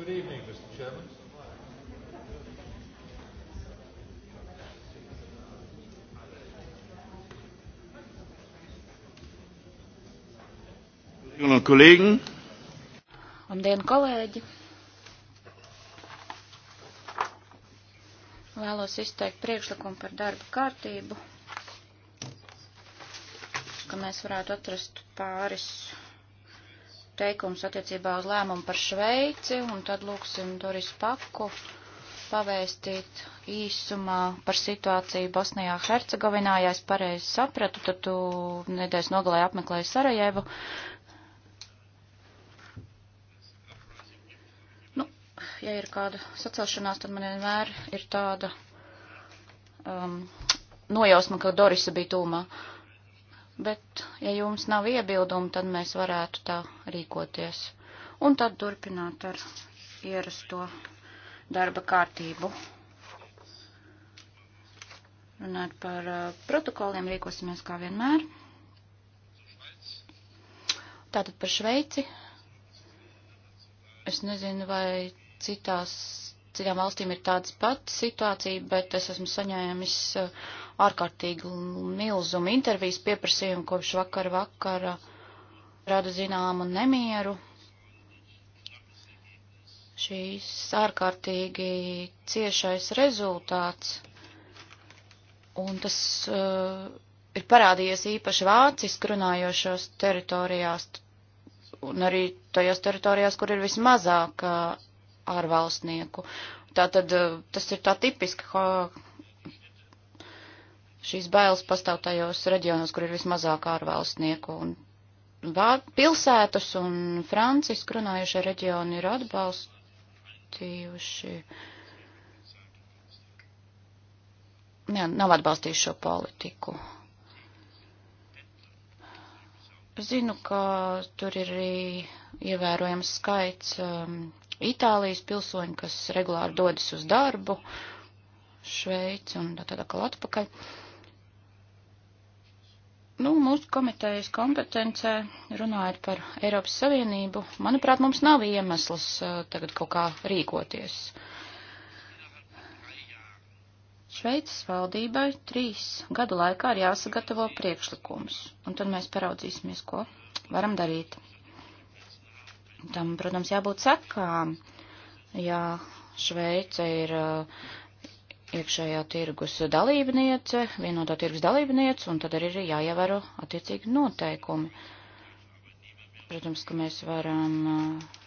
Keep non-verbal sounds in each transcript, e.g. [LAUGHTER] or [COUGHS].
Good evening, Mr. Chairman. Kolleginnen und Kollegen. Labdien, kolēģi! Vēlos izteikt priekšlikumu par darba kārtību, ka mēs varētu atrast pāris teikums attiecībā uz lēmumu par Šveici, un tad lūksim Doris Paku pavēstīt īsumā par situāciju Bosnijā Hercegovinā, ja es pareizi sapratu, tad tu nedēļas nogalē apmeklēji Sarajevu. Nu, ja ir kāda sacelšanās, tad man vienmēr ir tāda um, nojausma, ka Dorisa bija tūmā. Uh, bet, ja jums nav iebildumu, tad mēs varētu tā rīkoties. Un tad turpināt ar ierasto darba kārtību. Runāt par uh, protokoliem rīkosimies kā vienmēr. Tātad par Šveici. Es nezinu, vai citās citām valstīm ir tāds pats situācija, bet es esmu saņēmis uh, ārkārtīgi milzumu intervijas pieprasījumu kopš vakara vakara rada zināmu nemieru. Šīs ārkārtīgi ciešais rezultāts, un tas uh, ir parādījies īpaši vāciski runājošos teritorijās, un arī tajās teritorijās, kur ir vismazāk uh, ārvalstnieku. Tātad eh, tas ir tā tipiski, ka šīs bailes pastāv tajos reģionos, kur ir vismazāk ārvalstnieku. Un pilsētas un Francisku runājušie reģioni ir atbalstījuši. Jā, nav atbalstījuši šo politiku. Es zinu, ka tur ir arī ievērojams skaits um, Itālijas pilsoņi, kas regulāri dodas uz darbu, Šveici un tā tādā kā atpakaļ. Nu, mūsu komitejas kompetencē, runājot par Eiropas Savienību, manuprāt, mums nav iemesls uh, tagad kaut kā rīkoties. Šveices valdībai trīs gadu laikā ir jāsagatavo priekšlikums, un tad mēs paraudzīsimies, ko varam darīt. Tam, protams, jābūt sakām, ja Šveice ir uh, iekšējā tirgus dalībniece, vienotā tirgus dalībniece, un tad arī ir jāievēro attiecīgi noteikumi. Protams, ka mēs varam uh,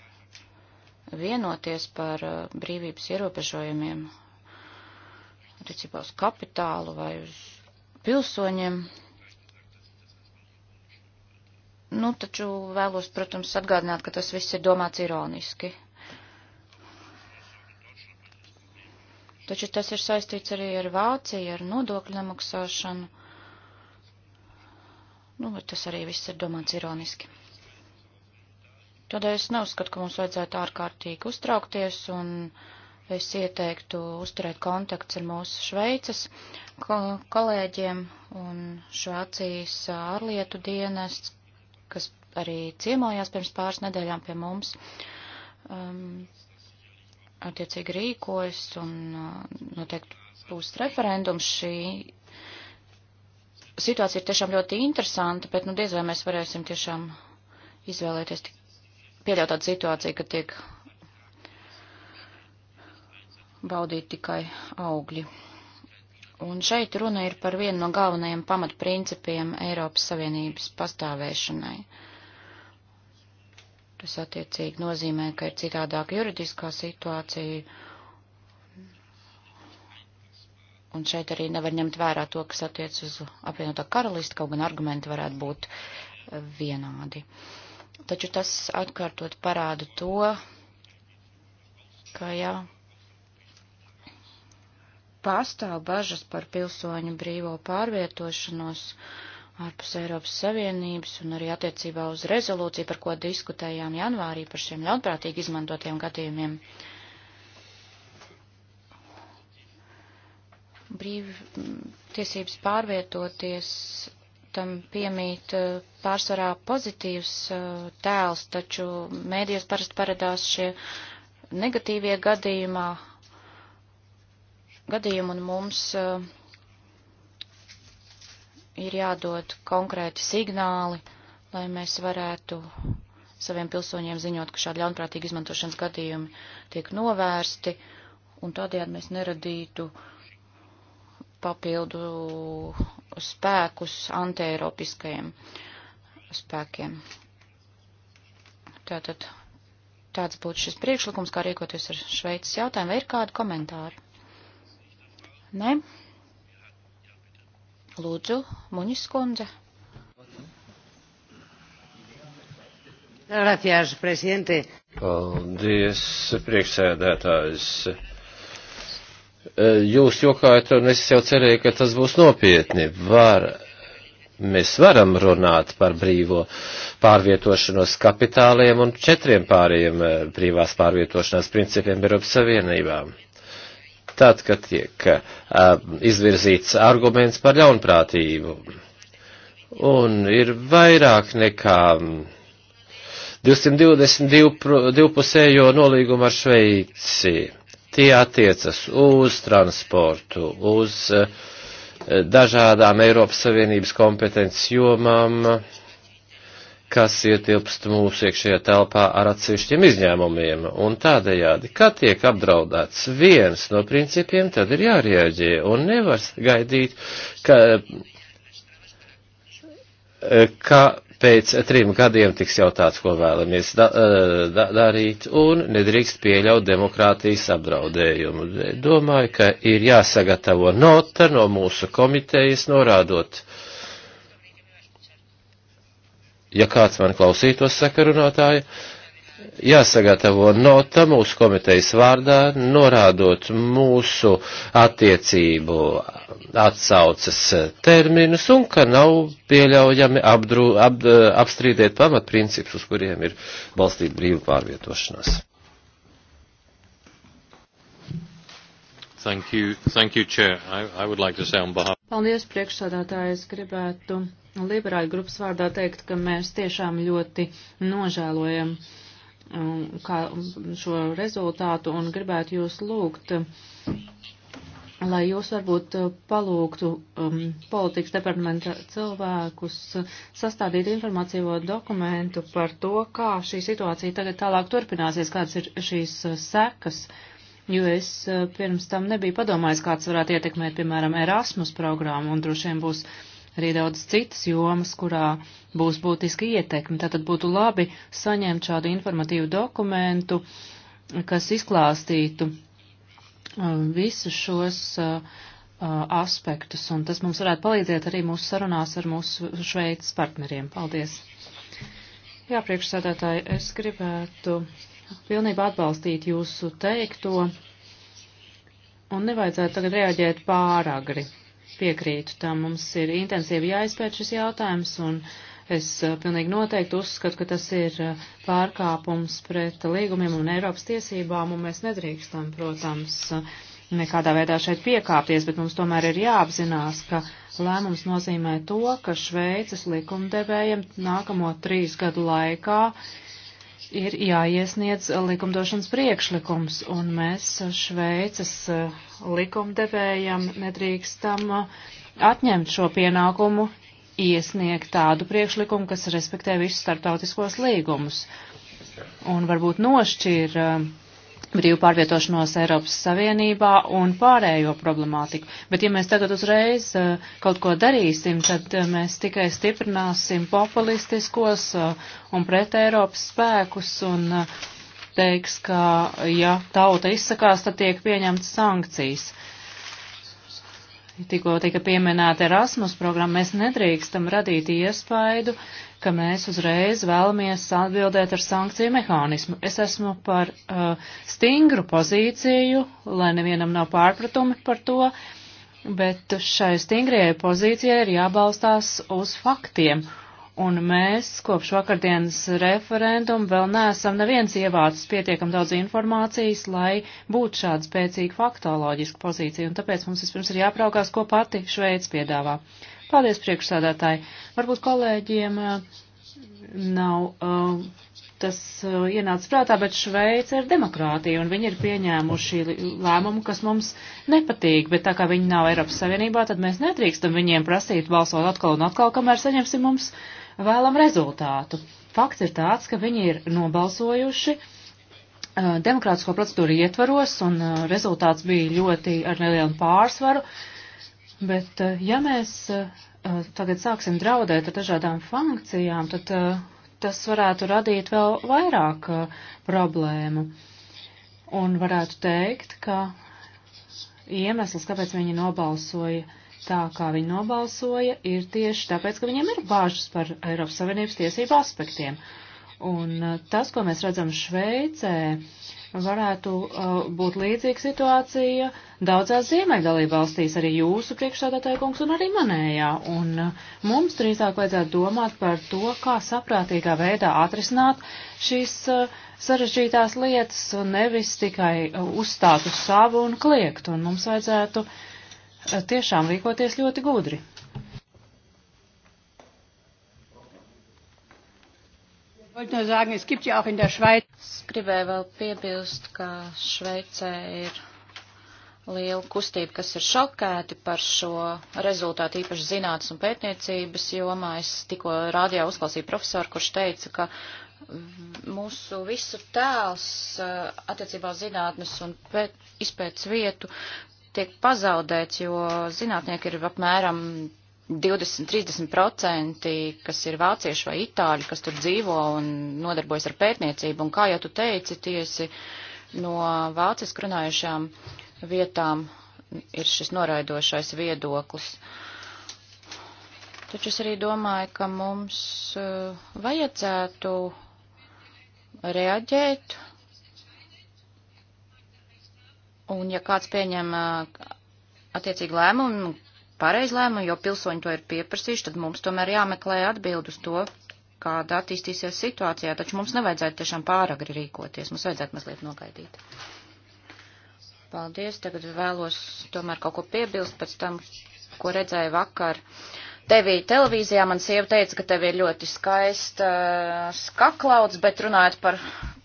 vienoties par uh, brīvības ierobežojumiem attiecībā uz kapitālu vai uz pilsoņiem, Nu, taču vēlos, protams, atgādināt, ka tas viss ir domāts ironiski. Taču tas ir saistīts arī ar Vāciju, ar nodokļu nemaksāšanu. Nu, bet tas arī viss ir domāts ironiski. Tādēļ es neuzskatu, ka mums vajadzētu ārkārtīgi uztraukties, un es ieteiktu uzturēt kontakts ar mūsu Šveices kolēģiem un Švācijas ārlietu dienests kas arī ciemojās pirms pāris nedēļām pie mums, um, attiecīgi rīkojas un uh, noteikti būs referendums šī. Situācija ir tiešām ļoti interesanta, bet nu diez vai mēs varēsim tiešām izvēlēties pieļaut tādu situāciju, ka tiek baudīt tikai augļi. Un šeit runa ir par vienu no galvenajiem pamatprincipiem Eiropas Savienības pastāvēšanai. Tas attiecīgi nozīmē, ka ir citādāka juridiskā situācija, un šeit arī nevar ņemt vērā to, kas attiec uz apvienotā karalisti, kaut gan argumenti varētu būt eh, vienādi. Taču tas atkārtot parāda to, ka, ja pastāv bažas par pilsoņu brīvo pārvietošanos ārpus Eiropas Savienības un arī attiecībā uz rezolūciju, par ko diskutējām janvārī par šiem ļaunprātīgi izmantotiem gadījumiem. Brīvtiesības pārvietoties tam piemīt eh, pārsvarā pozitīvs eh, tēls, taču mēdījos parasti parādās šie negatīvie gadījumā gadījumu, un mums eh, ir jādod konkrēti signāli, lai mēs varētu saviem pilsoņiem ziņot, ka šādi ļaunprātīgi izmantošanas gadījumi tiek novērsti, un tādējādi mēs neradītu papildu spēkus anteiropiskajiem spēkiem. Tātad tāds būtu šis priekšlikums, kā rīkoties ar Šveicas jautājumu, vai ir kādi komentāri? Nē? Lūdzu, Muņas kundze. Gracias, presidente. Paldies, priekšsēdētājs. Jūs jokājat, un es jau cerēju, ka tas būs nopietni. Var, mēs varam runāt par brīvo pārvietošanos kapitāliem un četriem pārējiem brīvās pārvietošanās principiem Eiropas Savienībām tad, kad tiek uh, izvirzīts arguments par ļaunprātību. Un ir vairāk nekā 222 mm, divpusējo nolīgumu ar Šveici. Tie attiecas uz transportu, uz uh, dažādām Eiropas Savienības kompetences jomām. Uh, kas ietilpst mūsu iekšējā telpā ar atsevišķiem izņēmumiem, un tādējādi, kad tiek apdraudēts viens no principiem, tad ir jārieģē, un nevar gaidīt, ka, ka pēc trim gadiem tiks jautāts, ko vēlamies da, da, darīt, un nedrīkst pieļaut demokrātijas apdraudējumu. Domāju, ka ir jāsagatavo nota no mūsu komitejas norādot, ja kāds man klausītos sakarunātāju, jāsagatavo nota mūsu komitejas vārdā, norādot mūsu attiecību atsaucas terminus un ka nav pieļaujami apdru, ap, apstrīdēt pamatprincipus, uz kuriem ir balstīta brīva pārvietošanās. Thank you, thank you, Chair. I, I would like to say on behalf. Paldies, priekšsādātāji, es gribētu liberāļu grupas vārdā teikt, ka mēs tiešām ļoti nožēlojam um, šo rezultātu un gribētu jūs lūgt, lai jūs varbūt uh, palūgtu um, politikas departamenta cilvēkus sastādīt informācīvo dokumentu par to, kā šī situācija tagad tālāk turpināsies, kādas ir šīs uh, sekas, jo es uh, pirms tam nebiju padomājis, kāds varētu ietekmēt, piemēram, Erasmus programmu un droši vien būs uh, arī daudz citas jomas, kurā būs būtiski ietekmi. Tātad būtu labi saņemt šādu informatīvu dokumentu, kas izklāstītu uh, visus šos uh, uh, aspektus, un tas mums varētu palīdzēt arī mūsu sarunās ar mūsu Šveices partneriem. Paldies! Jā, priekšsēdētāji, es gribētu pilnībā atbalstīt jūsu teikto, un nevajadzētu tagad reaģēt pāragri piekrītu tam. Mums ir intensīvi jāizpēt šis jautājums, un es pilnīgi noteikti uzskatu, ka tas ir pārkāpums pret līgumiem un Eiropas tiesībām, un mēs nedrīkstam, protams, nekādā veidā šeit piekāpties, bet mums tomēr ir jāapzinās, ka lēmums nozīmē to, ka Šveices likumdevējiem nākamo trīs gadu laikā uh, ir jāiesniedz likumdošanas priekšlikums, un mēs Šveices eh, likumdevējam nedrīkstam eh, atņemt šo pienākumu iesniegt tādu priekšlikumu, kas respektē visus starptautiskos līgumus. Un varbūt nošķir eh, brīvu pārvietošanos Eiropas Savienībā un pārējo problemātiku. Bet ja mēs tagad uzreiz uh, kaut ko darīsim, tad uh, mēs tikai stiprināsim populistiskos uh, un pret Eiropas spēkus un teiks, ka ja tauta izsakās, tad tiek pieņemts sankcijas. Tikko tika pieminēta Erasmus programma, mēs nedrīkstam radīt iespaidu, ka mēs uzreiz vēlamies atbildēt ar sankciju mehānismu. Es esmu par uh, stingru pozīciju, lai nevienam nav pārpratumi par to, bet šai stingrajai pozīcijai ir jābalstās uz faktiem. Un mēs kopš vakardienas referendumu vēl neesam neviens ievācis pietiekam daudz informācijas, lai būtu šāda spēcīga faktoloģiska pozīcija, un tāpēc mums vispirms ir jāpraukās, ko pati Šveic piedāvā. Uh, Paldies, priekšsādātāji. Varbūt kolēģiem eh, nav uh, tas uh, ienācis prātā, bet Šveice ir demokrātija, un viņi ir pieņēmuši lēmumu, kas mums nepatīk, bet tā kā viņi nav Eiropas Savienībā, tad mēs nedrīkstam viņiem prasīt balsot atkal un atkal, kamēr saņemsim mums vēlam rezultātu. Fakts ir tāds, ka viņi ir nobalsojuši uh, demokrātisko procedūru ietvaros, un rezultāts bija ļoti ar nelielu pārsvaru. Uh, Bet eh, ja mēs eh, eh, tagad sāksim draudēt ar dažādām funkcijām, tad tas varētu radīt vēl vairāk problēmu. Un varētu teikt, ka iemesls, kāpēc viņi nobalsoja tā, kā viņi nobalsoja, ir tieši tāpēc, ka viņiem ir bāžas par Eiropas Savienības tiesību aspektiem. Uh, Un e, tas, ko mēs redzam Šveicē, varētu e, būt līdzīga situācija daudzās ziemeļdalībvalstīs, arī jūsu priekšsādātāja kungs un arī manējā. Un e, mums drīzāk vajadzētu domāt par to, kā saprātīgā veidā atrisināt šīs sarežģītās lietas un nevis tikai uzstāt uz savu un kliegt. Un mums vajadzētu tiešām rīkoties ļoti gudri. Es gribēju vēl piebilst, ka Šveicē ir liela kustība, kas ir šokēti par šo rezultātu, īpaši zinātnes un pētniecības jomā. Es tikko rādījā uzklausīju profesoru, kurš teica, ka mūsu visu tēls eh, attiecībā uz zinātnes un izpētes vietu tiek pazaudēts, jo zinātnieki ir apmēram 20-30%, kas ir vācieši vai itāļi, kas tur dzīvo un nodarbojas ar pētniecību, un kā jau tu teici, tiesi no vāciski runājušām vietām ir šis noraidošais viedoklis. Taču es arī domāju, ka mums eh, vajadzētu reaģēt, un ja kāds pieņem eh, attiecīgi lēmumu, pareizi lēmumu, jo pilsoņi to ir pieprasījuši, tad mums tomēr jāmeklē atbild uz to, kāda attīstīsies situācijā, taču mums nevajadzētu tiešām pāragri rīkoties, mums vajadzētu mazliet nogaidīt. Paldies, tagad vēlos tomēr kaut ko piebilst pēc tam, ko redzēju vakar. Uh, Tevī televīzijā man sieva teica, ka tev ir ļoti skaista eh, skaklauds, bet runājot par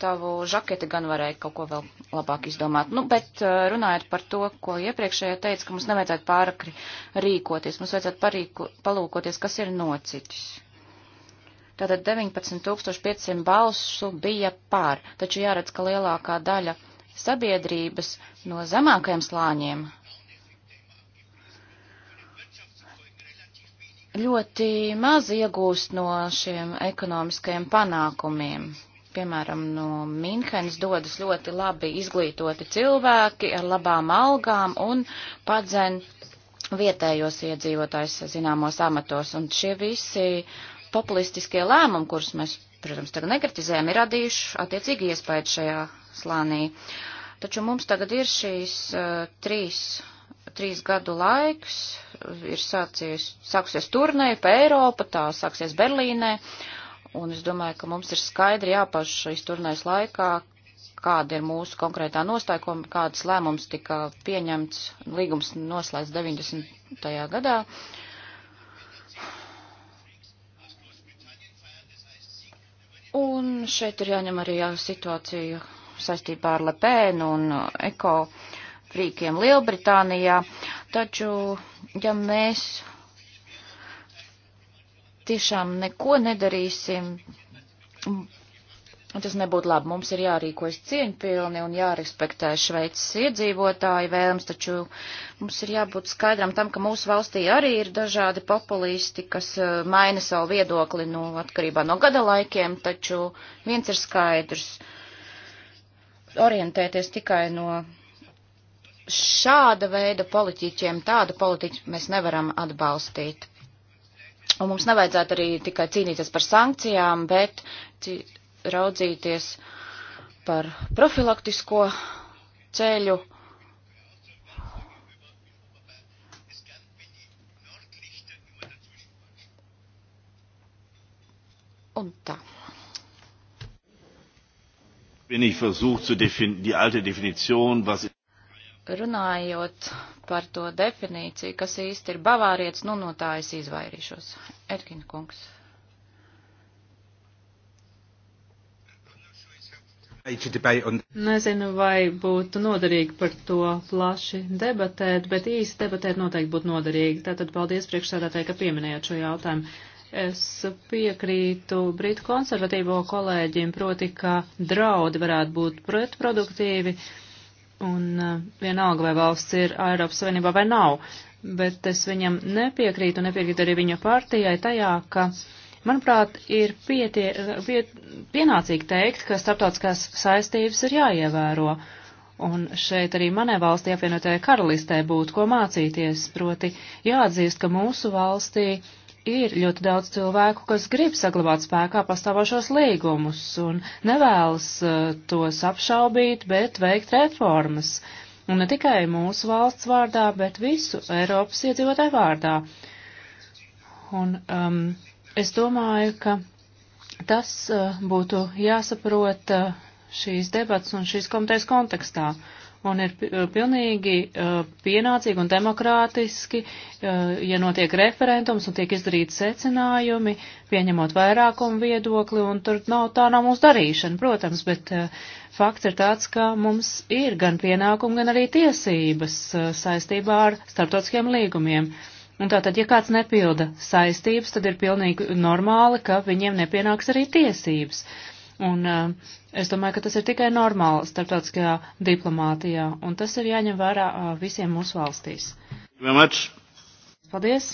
tavu žaketi gan varēja kaut ko vēl labāk izdomāt. Nu, bet eh, runājot par to, ko iepriekšējā teica, ka mums nevajadzētu pārakri rīkoties, mums vajadzētu parīko, palūkoties, kas ir nocitis. Tātad 19500 balsu bija pār, taču jāredz, ka lielākā daļa sabiedrības no zemākajiem slāņiem ļoti maz iegūst no šiem ekonomiskajiem panākumiem. Piemēram, no Minhenes dodas ļoti labi izglītoti cilvēki ar labām algām un padzen vietējos iedzīvotājs zināmos amatos. Un šie visi populistiskie lēmumi, kurus mēs, protams, tagad nekritizējam, ir radījuši attiecīgi iespēju šajā slānī. Taču mums tagad ir šīs uh, trīs trīs gadu laiks, ir sācies, sāksies turnēja pa Eiropu, tā sāksies Berlīnē, un es domāju, ka mums ir skaidri jāpaš šīs turnējas laikā, kāda ir mūsu konkrētā nostāja, kādas lēmums tika pieņemts, līgums noslēdz 90. gadā. Un šeit ir jāņem arī situācija saistībā ar Lepēnu un Eko. Uh, frīkiem Lielbritānijā, taču, ja mēs tiešām neko nedarīsim, tas nebūtu labi. Mums ir jārīkojas cieņpilni un jārespektē Šveices iedzīvotāju vēlms, taču mums ir jābūt skaidram tam, ka mūsu valstī arī ir dažādi populisti, kas eh, maina savu viedokli no nu, atkarībā no gada laikiem, taču viens ir skaidrs - orientēties tikai no šāda veida politiķiem, tādu politiķu mēs nevaram atbalstīt. Un mums nevajadzētu arī tikai cīnīties par sankcijām, bet raudzīties par profilaktisko ceļu. Un tā bin ich versucht zu die alte definition was runājot par to definīciju, kas īsti ir bavārietis, nu no tā es izvairīšos. Erkina kungs. Nezinu, vai būtu noderīgi par to plaši debatēt, bet īsi debatēt noteikti būtu noderīgi. Tātad paldies priekšsēdētāji, ka pieminējāt šo jautājumu. Es piekrītu Britu konservatīvo kolēģiem, proti, ka draudi varētu būt pretproduktīvi. Uh, Un uh, vienalga, vai valsts ir Eiropas Savienībā vai nav, bet es viņam nepiekrītu un nepiekrītu arī viņa partijai tajā, ka, manuprāt, ir pietie, pie, pienācīgi teikt, ka starptautiskās saistības ir jāievēro. Un šeit arī manai valstī apvienotajai karalistē būtu ko mācīties, proti jāatzīst, ka mūsu valstī uh, ir ļoti daudz cilvēku, kas grib saglabāt spēkā pastāvošos līgumus un nevēlas uh, tos apšaubīt, bet veikt reformas. Un ne tikai mūsu valsts vārdā, bet visu Eiropas iedzīvotāju vārdā. Un um, es domāju, ka tas uh, būtu jāsaprot uh, šīs debats un šīs komitejas kontekstā. Uh, un ir eh, pilnīgi eh, pienācīgi un demokrātiski, eh, ja notiek referendums un tiek izdarīti secinājumi, pieņemot vairākumu viedokli, un tur nav tā nav mūsu darīšana, protams, bet fakts ir tāds, ka mums ir gan pienākumi, gan arī tiesības saistībā ar starptautiskiem līgumiem. Un tātad, ja kāds nepilda saistības, tad ir pilnīgi normāli, ka viņiem nepienāks arī tiesības. Uh, Un uh, es domāju, ka tas ir tikai normāli starptautiskajā diplomātijā, un tas ir jāņem vērā uh, visiem mūsu valstīs. Paldies!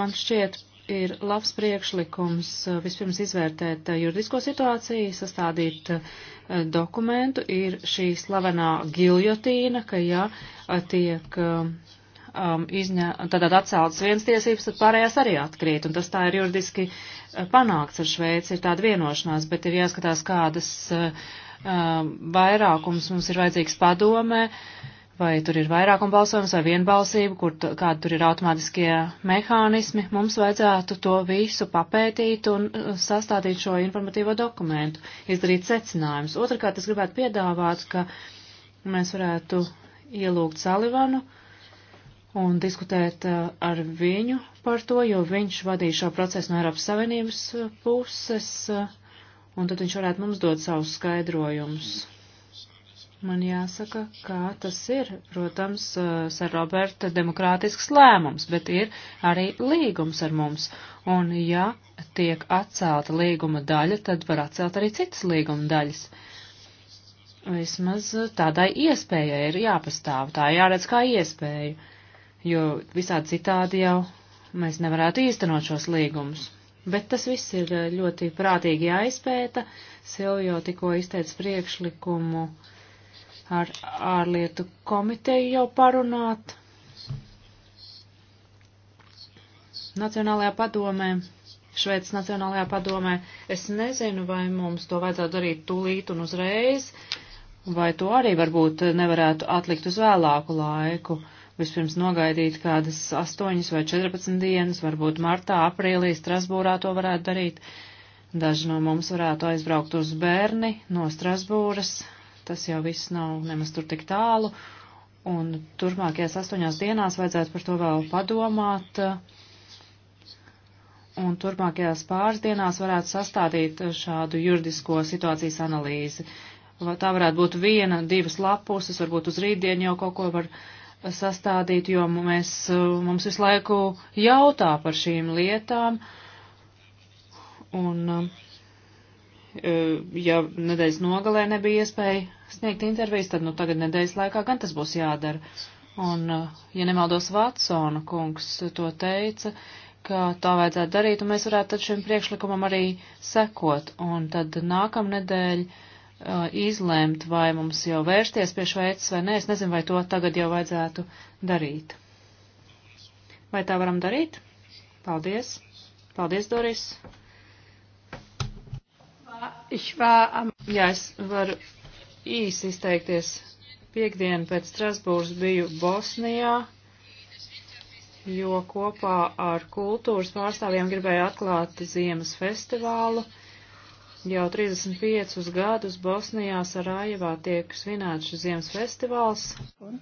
Man šķiet, ir labs priekšlikums eh, vispirms izvērtēt juridisko situāciju, sastādīt dokumentu. Ir šī slavenā giljotīna, ka ja tiek um, izņē, tad atceltas vienas tiesības, tad pārējās arī atkrīt, un tas tā ir juridiski uh, panākts ar Šveici, ir tāda vienošanās, bet ir jāskatās, kādas uh, um, vairākums mums ir vajadzīgs padomē, vai tur ir vairākuma balsojums vai vienbalsība, kur kādi tur ir automātiskie mehānismi, mums vajadzētu to visu papētīt un uh, sastādīt šo informatīvo dokumentu, izdarīt secinājumus. Otrakārt, es gribētu piedāvāt, ka mēs varētu ielūgt Salivanu, uh, un diskutēt uh, ar viņu par to, jo viņš vadīja šo procesu no Eiropas Savienības uh, puses, uh, un tad viņš varētu mums dot savus skaidrojumus. Man jāsaka, kā tas ir. Protams, Sir Roberta demokrātisks lēmums, bet ir arī līgums ar mums. Un ja tiek atcelta līguma daļa, tad var atcelt arī citas līguma daļas. Vismaz tādai iespējai ir jāpastāv, tā jāredz kā iespēju jo visādi citādi jau mēs nevarētu īstenot šos līgumus. Bet tas viss ir eh, ļoti prātīgi jāizpēta. Silvio tikko izteica priekšlikumu ar ārlietu komiteju jau parunāt. Nacionālajā padomē, Šveicis Nacionālajā padomē, es nezinu, vai mums to vajadzētu darīt tūlīt un uzreiz, vai to arī varbūt nevarētu atlikt uz vēlāku laiku. Uh, vispirms nogaidīt kādas 8 vai 14 dienas, varbūt martā, aprīlī Strasbūrā to varētu darīt. Daži no mums varētu aizbraukt uz bērni no Strasbūras, tas jau viss nav nemaz tur tik tālu, un turpmākajās astoņās dienās vajadzētu par to vēl padomāt, un turpmākajās pāris dienās varētu sastādīt šādu juridisko situācijas analīzi. Tā varētu būt viena, divas lapuses, varbūt uz rītdienu jau kaut ko var uh, sastādīt, jo mēs, eh, mums visu laiku jautā par šīm lietām. Un, eh, ja nedēļas nogalē nebija iespēja sniegt intervijas, tad nu tagad nedēļas laikā gan tas būs jādara. Un, eh, ja nemaldos, Vatsona kungs to teica, ka tā vajadzētu darīt, un mēs varētu tad šim priekšlikumam arī sekot. Un tad nākamnedēļ Uh, izlēmt, vai mums jau vērsties pie Šveices vai nē. Es nezinu, vai to tagad jau vajadzētu darīt. Vai tā varam darīt? Paldies. Paldies, Doris. Jā, es varu īsi izteikties. Piektdien pēc Strasbūras biju Bosnijā, jo kopā ar kultūras pārstāvjiem gribēju atklāt ziemas festivālu Jau 35 gadus Bosnijā Sarajevā tiek svinēts šis ziemas festivāls. Un?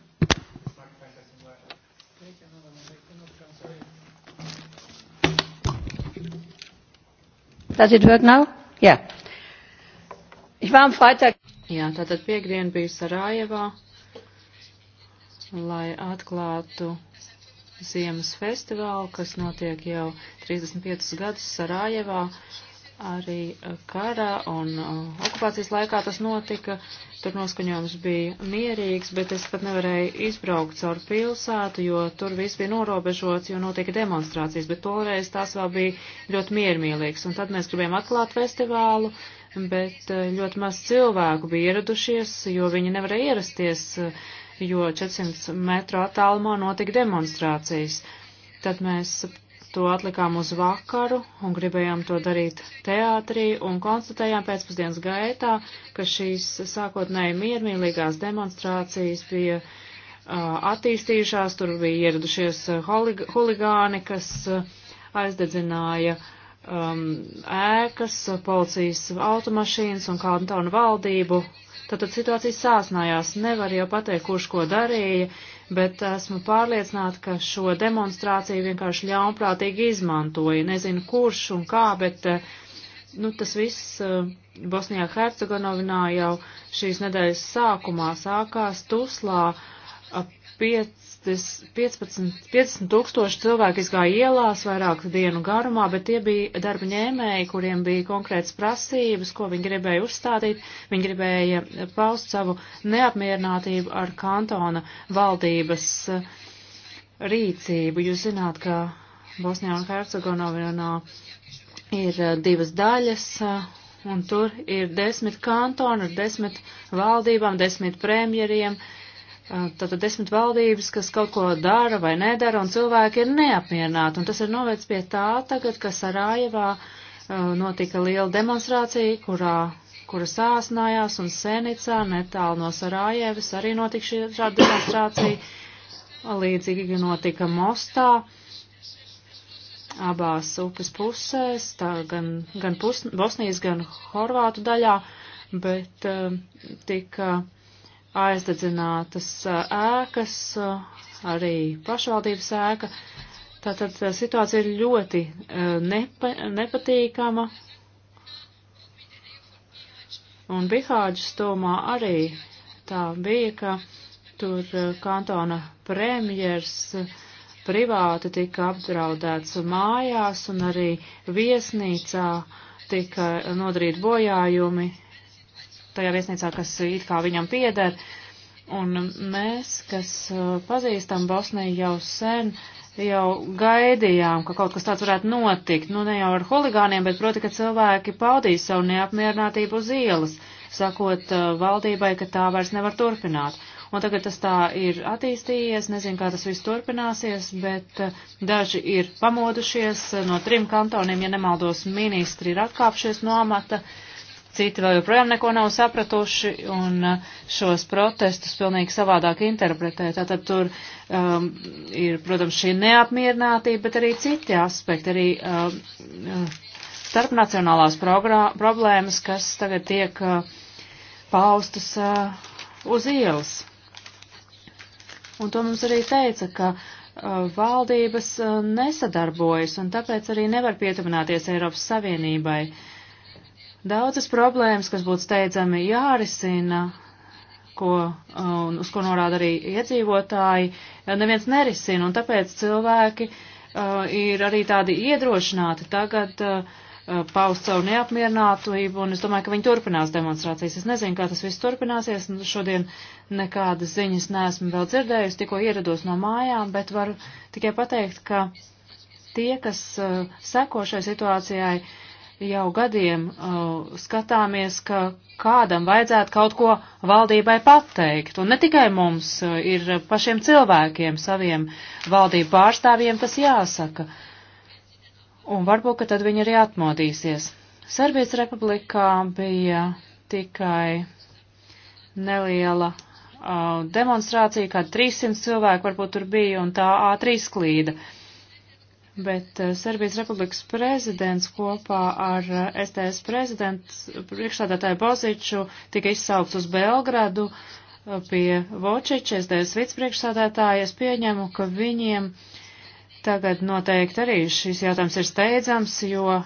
Does it work now? Jā. Yeah. Ich war am Freitag. Jā, tātad piekdien biju Sarajevā, lai atklātu ziemas festivālu, kas notiek jau 35 gadus Sarajevā arī eh, kara un eh, okupācijas laikā tas notika. Tur noskaņojums bija mierīgs, bet es pat nevarēju izbraukt caur pilsētu, jo tur viss bija norobežots, jo notika demonstrācijas, bet toreiz tās vēl bija ļoti miermīlīgs. Un tad mēs gribējām atklāt festivālu, bet eh, ļoti maz cilvēku bija ieradušies, jo viņi nevarēja ierasties, jo 400 metru attālumā notika demonstrācijas. Tad mēs to atlikām uz vakaru un gribējām to darīt teātrī un konstatējām pēcpusdienas gaitā, ka šīs sākotnēji miermīlīgās demonstrācijas bija uh, attīstījušās, tur bija ieradušies holig huligāni, kas uh, aizdedzināja um, ēkas, policijas automašīnas un Kalntonu valdību. Tātad situācija sāsnājās, nevar jau pateikt, kurš ko darīja, bet esmu pārliecināta, ka šo demonstrāciju vienkārši ļaunprātīgi izmantoja. Nezinu, kurš un kā, bet eh, nu, tas viss eh, Bosnijā Hercegovinā jau šīs nedēļas sākumā sākās Tuslā. 5 15, 50 tūkstoši cilvēku izgāja ielās vairāku dienu garumā, bet tie bija darba ņēmēji, kuriem bija konkrētas prasības, ko viņi gribēja uzstādīt. Viņi gribēja paust savu neapmierinātību ar kantona valdības eh, rīcību. Jūs zināt, ka Bosnijā un Hercegovinā ir eh, divas daļas, eh, un tur ir desmit kantoni ar desmit valdībām, desmit premjeriem. Uh, Tātad desmit valdības, kas kaut ko dara vai nedara, un cilvēki ir neapmierināti. Un tas ir novēc pie tā tagad, ka Sarājevā notika liela demonstrācija, kurā, kura sāsnājās, un Senicā netālu no Sarājevas arī notika šī šāda demonstrācija. Līdzīgi notika Mostā abās upes pusēs, tā gan, gan pus, Bosnijas, gan Horvātu daļā, bet uh, tika aizdedzinātas uh, ēkas, uh, arī pašvaldības ēka. Tātad uh, situācija ir ļoti nepa, nepatīkama. Un Bihāģa stūmā arī tā bija, ka tur kantona premjers privāti tika apdraudēts mājās un arī viesnīcā tika nodarīt bojājumi tajā viesnīcā, kas it kā viņam pieder. Un mēs, kas uh, pazīstam Bosniju jau sen, jau gaidījām, ka kaut kas tāds varētu notikt. Nu, ne jau ar huligāniem, bet proti, ka cilvēki paudīs savu neapmierinātību uz ielas, sakot uh, valdībai, ka tā vairs nevar turpināt. Un tagad tas tā ir attīstījies, nezinu, kā tas viss turpināsies, bet uh, daži ir pamodušies no trim kantoniem, ja nemaldos, ministri ir atkāpšies no amata. Uh, citi vēl joprojām neko nav sapratuši un uh, šos protestus pilnīgi savādāk interpretē. Tātad tur um, ir, protams, šī neapmierinātība, bet arī citi aspekti, arī um, starpnacionālās problēmas, kas tagad tiek uh, paustas uh, uz ielas. Un to mums arī teica, ka uh, valdības uh, nesadarbojas un tāpēc arī nevar pietuvināties Eiropas Savienībai. Uh, Daudzas problēmas, kas būtu steidzami jārisina, ko, un uz ko norāda arī iedzīvotāji, neviens nerisina, un tāpēc cilvēki uh, ir arī tādi iedrošināti tagad uh, paust savu neapmierinātību, un es domāju, ka viņi turpinās demonstrācijas. Es nezinu, kā tas viss turpināsies, un šodien nekādas ziņas neesmu vēl dzirdējusi, tikko ierados no mājām, bet varu tikai pateikt, ka tie, kas uh, seko šai situācijai, uh, jau gadiem uh, skatāmies, ka kādam vajadzētu kaut ko valdībai pateikt. Un ne tikai mums, uh, ir pašiem cilvēkiem, saviem valdību pārstāvjiem tas jāsaka. Un varbūt, ka tad viņi arī atmodīsies. Serbijas republikā bija tikai neliela uh, demonstrācija, kāda 300 cilvēku varbūt tur bija, un tā ātri izklīda. Uh, bet eh, Serbijas republikas prezidents kopā ar eh, STS prezidentu priekšstādātāju Boziču tika izsaukts uz Belgradu eh, pie Vočiča, STS vicepriekšstādātāja. Es pieņemu, ka viņiem tagad noteikti arī šis jautājums ir steidzams, jo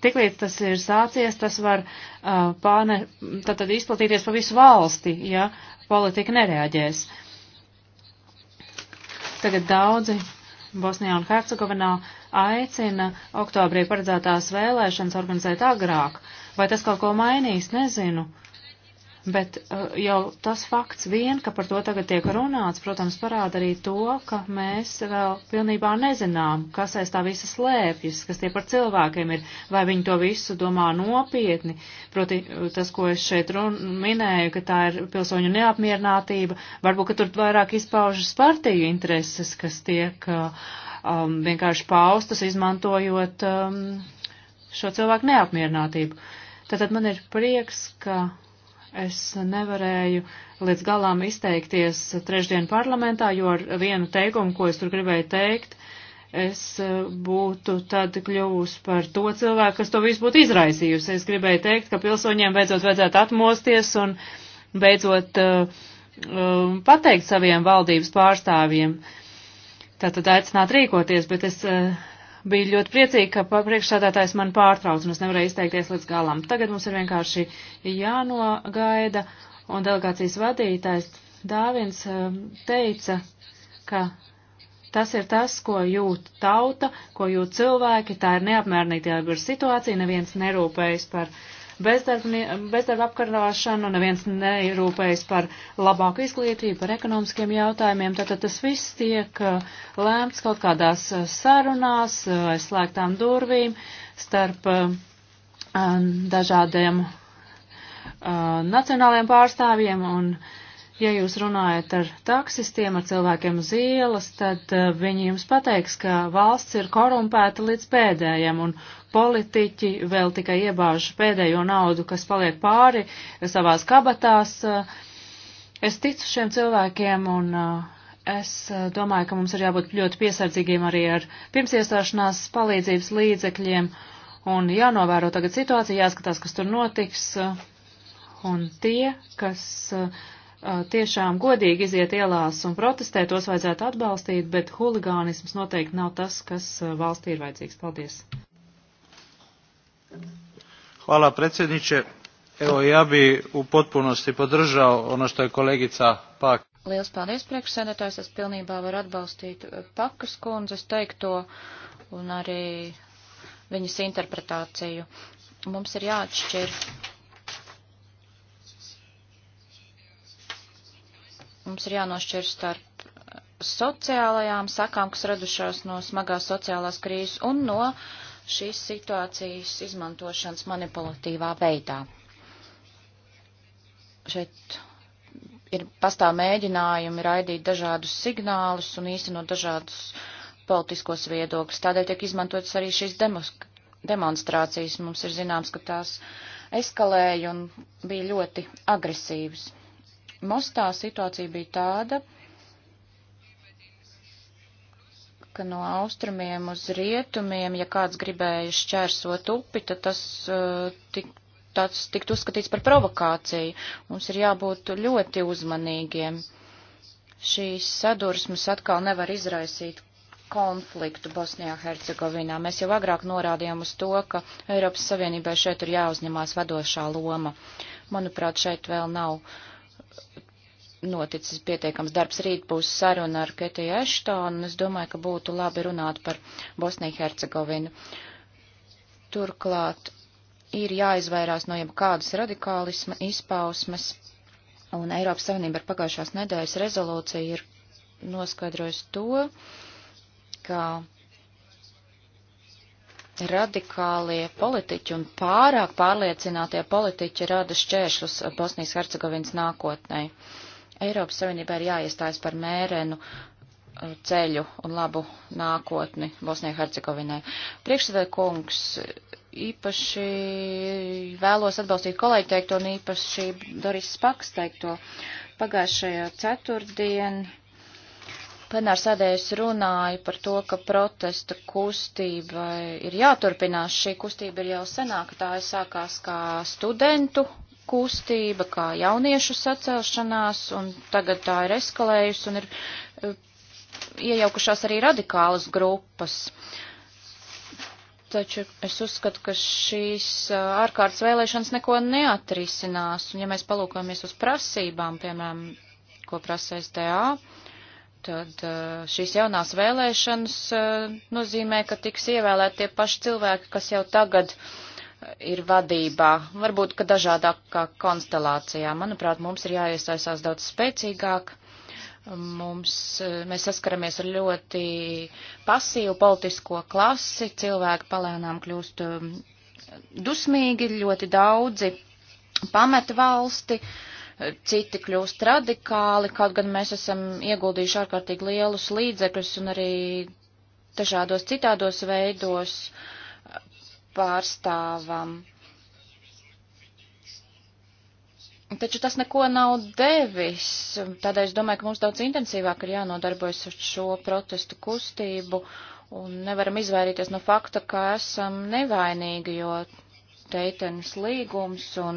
tiklīdz tas ir sācies, tas var uh, pārne, tad, tad izplatīties pa visu valsti, ja politika nereaģēs. Tagad daudzi Bosnijā un Hercegovinā aicina oktobrī paredzētās vēlēšanas organizēt agrāk. Vai tas kaut ko mainīs? Nezinu. Bet uh, jau tas fakts vien, ka par to tagad tiek runāts, protams, parāda arī to, ka mēs vēl pilnībā nezinām, kas aiz tā visa slēpjas, kas tie par cilvēkiem ir, vai viņi to visu domā nopietni. Proti, uh, tas, ko es šeit run, minēju, ka tā ir pilsoņu neapmierinātība, varbūt, ka tur vairāk izpaužas partiju intereses, kas tiek uh, um, vienkārši paustas, izmantojot um, šo cilvēku neapmierinātību. Tātad man ir prieks, ka Es nevarēju līdz galām izteikties trešdien parlamentā, jo ar vienu teikumu, ko es tur gribēju teikt, es e, būtu tad kļuvusi par to cilvēku, kas to visu būtu izraisījusi. Es gribēju teikt, ka pilsoņiem beidzot vajadzētu atmosties un beidzot uh, um, pateikt saviem valdības pārstāvjiem. Tātad aicināt rīkoties, bet es uh, biju ļoti priecīga, ka priekšsādātājs man pārtrauc un es nevarēju izteikties līdz galam. Tagad mums ir vienkārši jānogaida, un delegācijas vadītājs Dāvins eh, teica, ka tas ir tas, ko jūt tauta, ko jūt cilvēki, tā ir neapmērnītība ar situāciju, neviens nerūpējas par bezdarba apkarināšanu, neviens neirūpējas par labāku izglītību, par ekonomiskiem jautājumiem. Tātad tas viss tiek uh, lēmts kaut kādās uh, sarunās, uh, aizslēgtām durvīm, starp dažādiem nacionāliem pārstāvjiem un uh, Ja jūs runājat ar taksistiem, ar cilvēkiem uz ielas, tad eh, viņi jums pateiks, ka valsts ir korumpēta līdz pēdējiem, un politiķi vēl tikai iebāž pēdējo naudu, kas paliek pāri savās kabatās. Eh, es ticu šiem cilvēkiem, un eh, es domāju, ka mums ir jābūt ļoti piesardzīgiem arī ar pirmsiestāšanās palīdzības līdzekļiem, un jānovēro tagad situācija, jāskatās, kas tur notiks, un tie, kas tiešām godīgi iziet ielās un protestēt, tos vajadzētu atbalstīt, bet huligānisms noteikti nav tas, kas valstī ir vajadzīgs. Paldies! Hvala predsjedniče. Evo ja bi u potpunosti podržao ono što je kolegica Pak. Liels paldies priekšsēdētājs, es pilnībā varu atbalstīt Pakas kundzes teikto un arī viņas interpretāciju. Mums ir jāatšķir Mums ir jānošķir starp eh, sociālajām sakām, kas radušās no smagās sociālās krīzes un no šīs situācijas izmantošanas manipulatīvā veidā. Šeit ir pastāv mēģinājumi raidīt dažādus signālus un īstenot dažādus politiskos viedokļus. Tādēļ tiek izmantotas arī šīs demos, demonstrācijas. Mums ir zināms, ka tās eskalēja un bija ļoti agresīvas. Mostā situācija bija tāda, ka no austrumiem uz rietumiem, ja kāds gribēja šķērsot upi, tad tas uh, tik, tāds tikt uzskatīts par provokāciju. Mums ir jābūt ļoti uzmanīgiem. Šīs sadursmes atkal nevar izraisīt konfliktu Bosnijā, Hercegovinā. Mēs jau agrāk norādījām uz to, ka Eiropas Savienībai šeit ir jāuzņemās vadošā loma. Manuprāt, šeit vēl nav noticis pietiekams darbs. Rīt būs saruna ar Ketiju Eštonu, un es domāju, ka būtu labi runāt par Bosniju Hercegovinu. Turklāt ir jāizvairās no jebkādas radikālisma izpausmes, un Eiropas Savienība ar pagājušās nedēļas rezolūciju ir noskaidrojusi to, ka radikālie politiķi un pārāk pārliecinātie politiķi rada šķēršļus Bosnijas Hercegovinas nākotnē. Eiropas Savienībā ir jāiestājas par mērenu eh, ceļu un labu nākotni Bosnijai Hercegovinai. Priekšsēdē kungs, īpaši vēlos atbalstīt kolēģi teikto un īpaši Doris Spaks teikto. Pagājušajā ceturtdien plenārsēdēs runāja par to, ka protesta kustība ir jāturpinās. Šī kustība ir jau senāka, tā sākās kā studentu kustība, kā jauniešu sacelšanās, un tagad tā ir eskalējusi un ir eh, iejaukušās arī radikālas grupas. Taču es uzskatu, ka šīs eh, ārkārtas vēlēšanas neko neatrisinās, un ja mēs palūkojamies uz prasībām, piemēram, ko prasa SDA, Tad uh, šīs jaunās vēlēšanas uh, nozīmē, ka tiks ievēlēti tie paši cilvēki, kas jau tagad uh, ir vadībā, varbūt, ka dažādākā konstelācijā. Manuprāt, mums ir jāiesaistās daudz spēcīgāk. Mums, mēs saskaramies ar ļoti pasīvu politisko klasi, cilvēki palēnām kļūst um, dusmīgi, ļoti daudzi pamet valsti. Uh, citi kļūst radikāli, kaut gan mēs esam ieguldījuši ārkārtīgi lielus līdzekļus un arī dažādos citādos veidos pārstāvam. Taču tas neko nav devis, tādēļ es domāju, ka mums daudz intensīvāk ir jānodarbojas ar šo protestu kustību un nevaram izvairīties no fakta, ka esam nevainīgi, jo Teitenes līgums un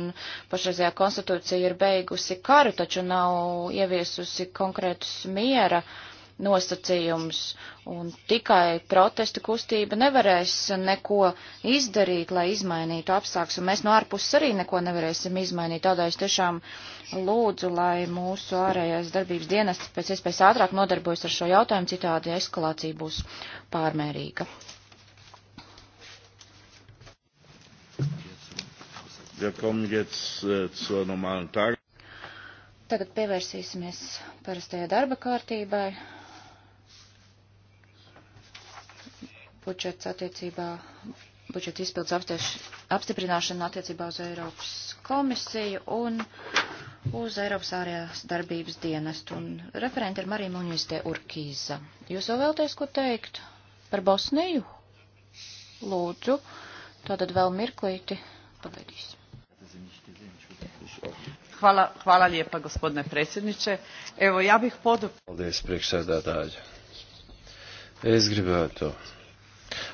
pašreizējā konstitūcija ir beigusi karu, taču nav ieviesusi konkrētus miera nosacījumus, un tikai protesta kustība nevarēs neko izdarīt, lai izmainītu apstākļus, un mēs no ārpuses arī neko nevarēsim izmainīt. Tādēļ es tiešām lūdzu, lai mūsu ārējais darbības dienests pēc iespējas ātrāk nodarbojas ar šo jautājumu, citādi eskalācija būs pārmērīga. Äh, Tagad pievērsīsimies parastajai darba kārtībai. Budžets attiecībā, budžets izpildes apstiprināšana attiecībā uz Eiropas komisiju un uz Eiropas ārējās darbības dienestu. Un referenti ir Marija Muņistē Urkīza. Jūs vēl vēlties ko teikt par Bosniju? Lūdzu, tātad vēl mirklīti pagaidīsim. Hvala, hvala lijepa gospodine predsjedniče. Evo, ja bih poduprla. Paldies, priekšsēdētāji. Es gribētu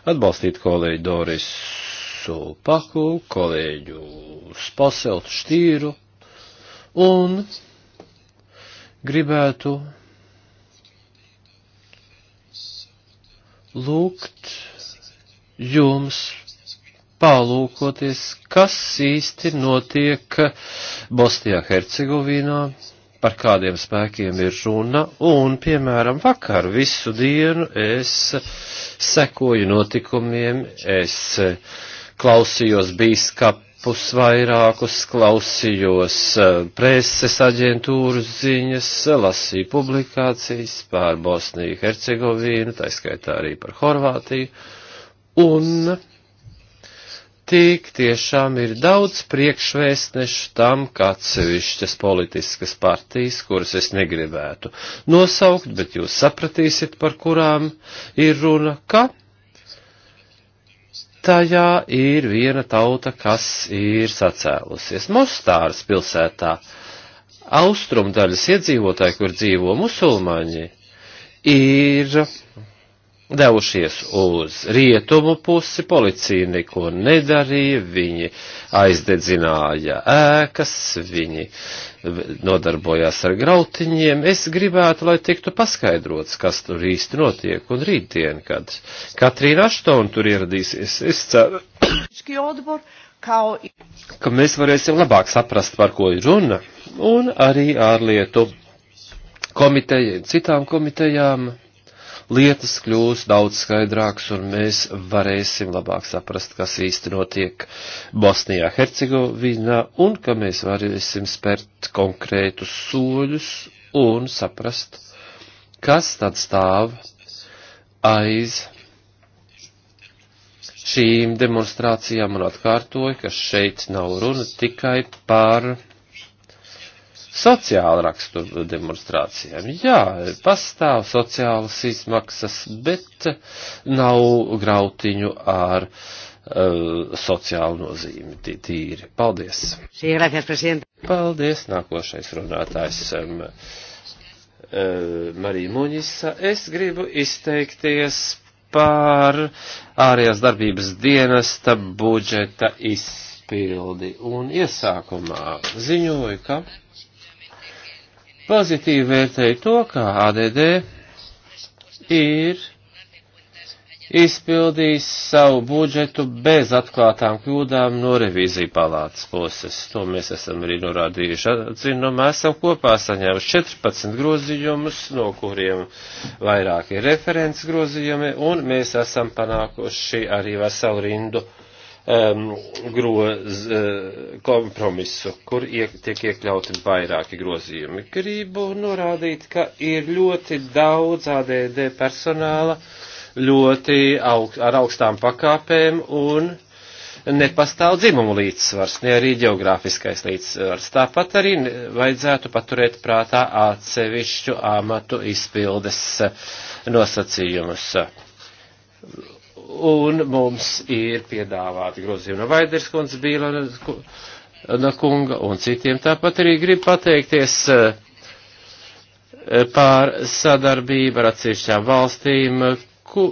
atbalstīt kolēģi Dorisu Paku, kolēģu Spaseltu Štīru un gribētu lūgt jums palūkoties, kas īsti notiek Bosnijā, Hercegovīnā, par kādiem spēkiem ir runa, un, piemēram, vakar visu dienu es sekoju notikumiem, es klausījos bīskapus vairākus, klausījos eh, preses aģentūras ziņas, lasīju publikācijas par Bosniju, Hercegovīnu, taiskaitā arī par Horvātiju, un tik tiešām ir daudz priekšvēstnešu tam, kā atsevišķas politiskas partijas, kuras es negribētu nosaukt, bet jūs sapratīsiet, par kurām ir runa, ka tajā ir viena tauta, kas ir sacēlusies. Mostāras pilsētā austrumdaļas iedzīvotāji, kur dzīvo musulmaņi, ir devušies uz rietumu pusi, policija neko nedarīja, viņi aizdedzināja ēkas, viņi nodarbojās ar grautiņiem. Es gribētu, lai tiktu paskaidrots, kas tur īsti notiek, un rītdien, kad Katrīna Aštona tur ieradīsies, es ceru, [COUGHS] ka mēs varēsim labāk saprast, par ko ir runa, un arī ārlietu komiteja, citām komitejām lietas kļūs daudz skaidrākas un mēs varēsim labāk saprast, kas īsti notiek Bosnijā, Hercegovinā un ka mēs varēsim spērt konkrētus soļus un saprast, kas tad stāv aiz šīm demonstrācijām un atkārtoju, ka šeit nav runa tikai par sociāla rakstura demonstrācijām. Jā, pastāv sociālas izmaksas, bet nav grautiņu ar uh, sociālu nozīmi tīri. Paldies. Sí, gracias, Paldies, nākošais runātājs. Um, uh, Marija Muņisa, es gribu izteikties par ārējās darbības dienesta budžeta izpildi. Un iesākumā ziņoju, ka pozitīvi vērtēju to, kā ADD ir izpildījis savu budžetu bez atklātām kļūdām no revīzija palātas puses. To mēs esam arī norādījuši. Atzinumā esam kopā saņēmuši 14 grozījumus, no kuriem vairāk ir referents grozījumi, un mēs esam panākuši arī veselu rindu uh, um, groz, uh, kompromisu, kur iek, tiek iekļauti vairāki grozījumi. Gribu norādīt, ka ir ļoti daudz ADD personāla, ļoti aug, ar augstām pakāpēm un nepastāv dzimumu līdzsvars, ne arī geogrāfiskais līdzsvars. Tāpat arī vajadzētu paturēt prātā atsevišķu amatu izpildes nosacījumus un mums ir piedāvāti grozījumi no Vaiderskons, Bīlana kunga un citiem. Tāpat arī grib pateikties eh, pār sadarbību ar atsevišķām valstīm, ku,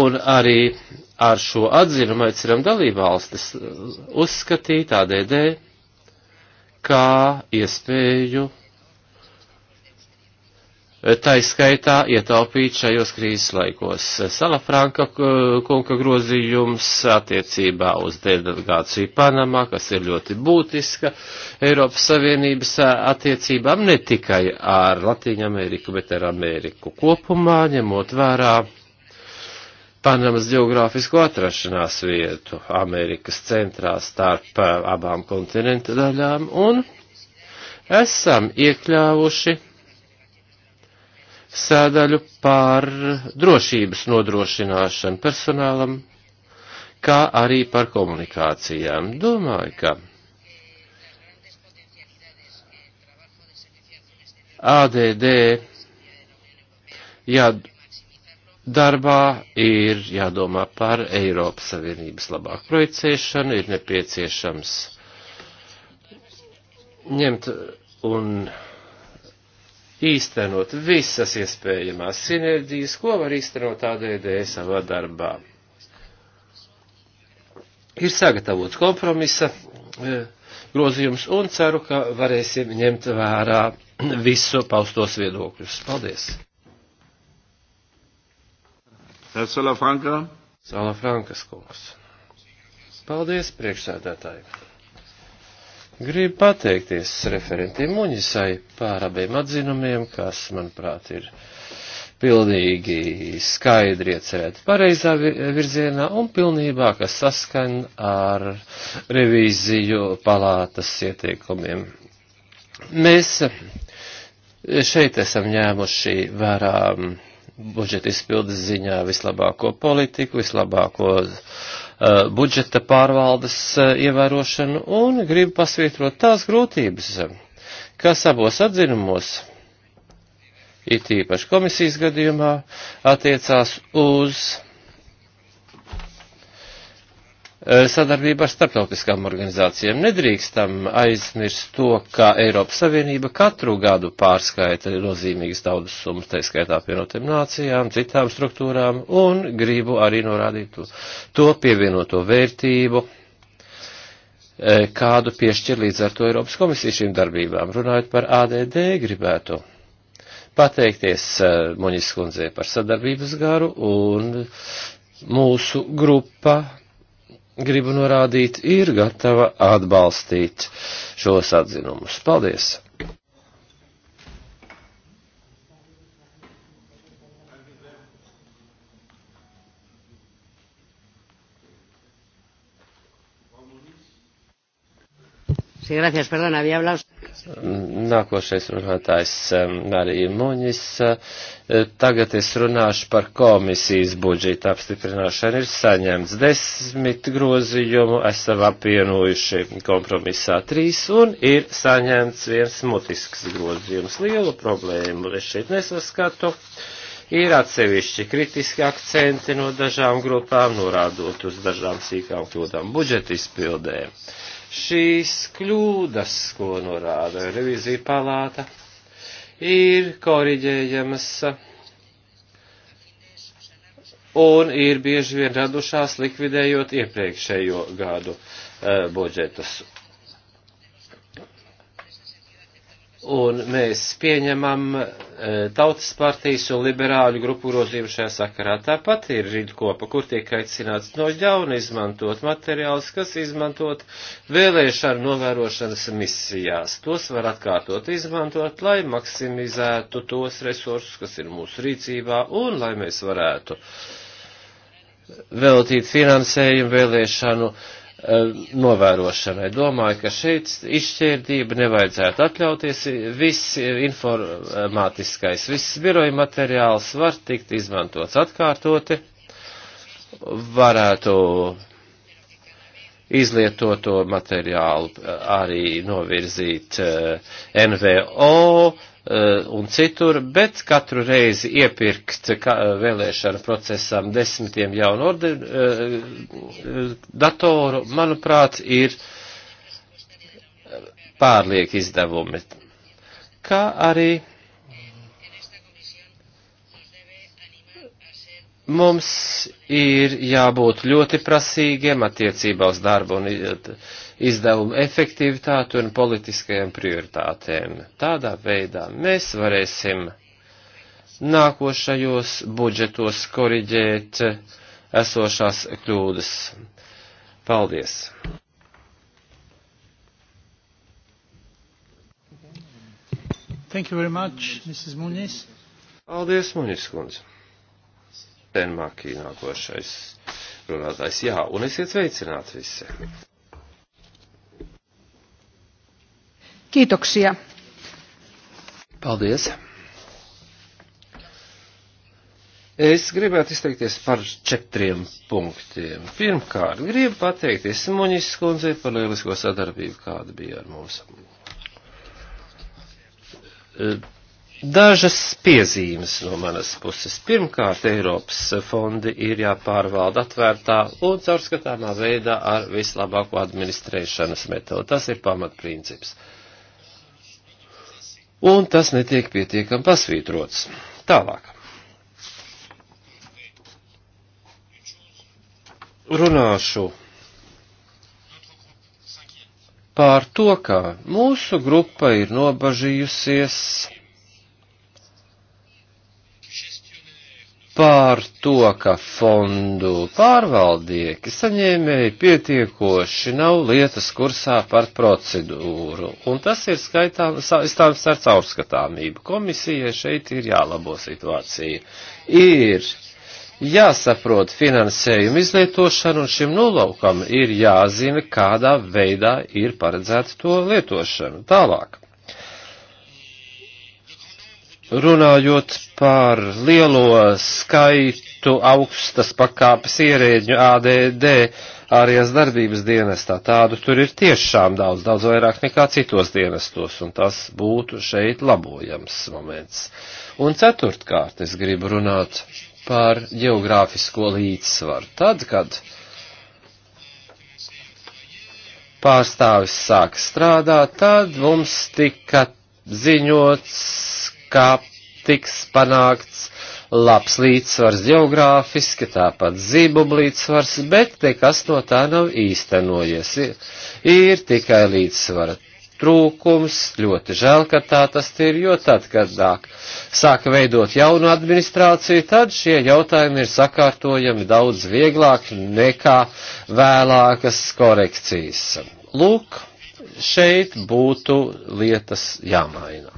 un arī ar šo atzinumu aicinām dalībvalstis uzskatīt ADD kā iespēju tai skaitā ietaupīt šajos krīzes laikos. Salafranka eh, kunga grozījums attiecībā uz delegāciju Panamā, kas ir ļoti būtiska Eiropas Savienības eh, attiecībām ne tikai ar Latīņu Ameriku, bet ar Ameriku kopumā, ņemot vērā Panamas geogrāfisko atrašanās vietu Amerikas centrā starp eh, abām kontinenta daļām un esam iekļāvuši sēdaļu par drošības nodrošināšanu personālam, kā arī par komunikācijām. Domāju, ka ADD jā, darbā ir jādomā par Eiropas Savienības labāku projicēšanu, ir nepieciešams ņemt un īstenot visas iespējamās sinerģijas, ko var īstenot ADD savā darbā. Ir sagatavots kompromisa e, grozījums un ceru, ka varēsim ņemt vērā [CLEARS THROAT] visu paustos viedokļus. Paldies! Salafrankas kungs. Paldies, priekšsēdētāji! Gribu pateikties referentiem Muņisai par abiem atzinumiem, kas, manuprāt, ir pilnīgi skaidri iecerēti pareizā virzienā un pilnībā, kas saskan ar revīziju palātas ieteikumiem. Mēs šeit esam ņēmuši vērā mm, budžeta izpildes ziņā vislabāko politiku, vislabāko Uh, budžeta pārvaldes uh, ievērošanu un gribu pasvietrot tās grūtības, kas abos atzinumos, it īpaši komisijas gadījumā, attiecās uz Eh, sadarbību ar starptautiskām organizācijām. Nedrīkstam aizmirst to, ka Eiropas Savienība katru gadu pārskaita nozīmīgas daudzas summas, tā skaitā apvienotiem nācijām, citām struktūrām, un gribu arī norādīt to, to pievienoto vērtību, eh, kādu piešķir līdz ar to Eiropas komisija šīm darbībām. Runājot par ADD, gribētu pateikties eh, Moņiskundzei par sadarbības garu un mūsu grupa gribu norādīt, ir gatava atbalstīt šos atzinumus. Paldies! Sí, gracias, perdón, había hablado. Nākošais runātājs um, Marija Muņis. Uh, tagad es runāšu par komisijas budžeta apstiprināšanu. Ir saņemts desmit grozījumu, esam apvienojuši kompromisā trīs un ir saņemts viens mutisks grozījums. Lielu problēmu es šeit nesaskatu. Ir atsevišķi kritiski akcenti no dažām grupām, norādot uz dažām sīkām kļūdām budžeta izpildēm šīs kļūdas, ko norāda revizija palāta, ir koriģējamas un ir bieži vien radušās likvidējot iepriekšējo gadu uh, budžetus. un mēs pieņemam e, tautas partijas un liberāļu grupu grozījumu šajā sakarā. Tāpat ir rindkopa, kur tiek aicināts no jauna izmantot materiālus, kas izmantot vēlēšanu novērošanas misijās. Tos var atkārtot izmantot, lai maksimizētu tos resursus, kas ir mūsu rīcībā, un lai mēs varētu veltīt finansējumu vēlēšanu uh, Eh, novērošanai. Domāju, ka šeit izšķērdība nevajadzētu atļauties. Viss informātiskais, viss biroja materiāls var tikt izmantots atkārtoti, varētu izlietoto materiālu eh, arī novirzīt eh, NVO Eh, un citur, bet katru reizi iepirkt eh, vēlēšanu procesam desmitiem jaunu ordinu, eh, datoru, manuprāt, ir pārlieki izdevumi. Kā arī mums ir jābūt ļoti prasīgiem attiecībā uz darbu un izdevumu efektivitāti un politiskajām prioritātēm. Tādā veidā mēs varēsim nākošajos budžetos koriģēt esošās kļūdas. Paldies! Thank you very much, Mrs. Munis. Paldies, Munis kundze. Denmākī nākošais runātājs. Jā, un esiet sveicināti visi. Kiitoksia. Paldies. Es gribētu izteikties par četriem punktiem. Pirmkārt, gribu pateikties Muņas skundzei par lielisko sadarbību, kāda bija ar mums. Dažas piezīmes no manas puses. Pirmkārt, Eiropas fondi ir jāpārvalda atvērtā un caurskatāmā veidā ar vislabāko administrēšanas metodu. Tas ir pamatprincips. Uh, un tas netiek pietiekam pasvītrots. Tālāk. Runāšu pār to, ka mūsu grupa ir nobažījusies par to, ka fondu pārvaldieki saņēmēji pietiekoši nav lietas kursā par procedūru, un tas ir skaitāms ar caurskatāmību. Komisijai šeit ir jālabo situācija. Ir jāsaprot finansējumu izlietošanu, un šim nolaukam ir jāzina, kādā veidā ir paredzēta to lietošanu. Tālāk runājot par lielo skaitu augstas pakāpes ierēģu ADD ārējās darbības dienestā. Tādu tur ir tiešām daudz, daudz vairāk nekā citos dienestos, un tas būtu šeit labojams moments. Un ceturtkārt es gribu runāt par geogrāfisko līdzsvaru. Tad, kad pārstāvis sāk strādāt, tad mums tika ziņots kā tiks panākts labs līdzsvars geogrāfiski, tāpat zīmuma līdzsvars, bet nekas no tā nav īstenojies. Ir, ir tikai līdzsvara trūkums, ļoti žēl, ka tā tas ir, jo tad, kad nāk, sāka veidot jaunu administrāciju, tad šie jautājumi ir sakārtojami daudz vieglāk nekā vēlākas korekcijas. Lūk, šeit būtu lietas jāmaina.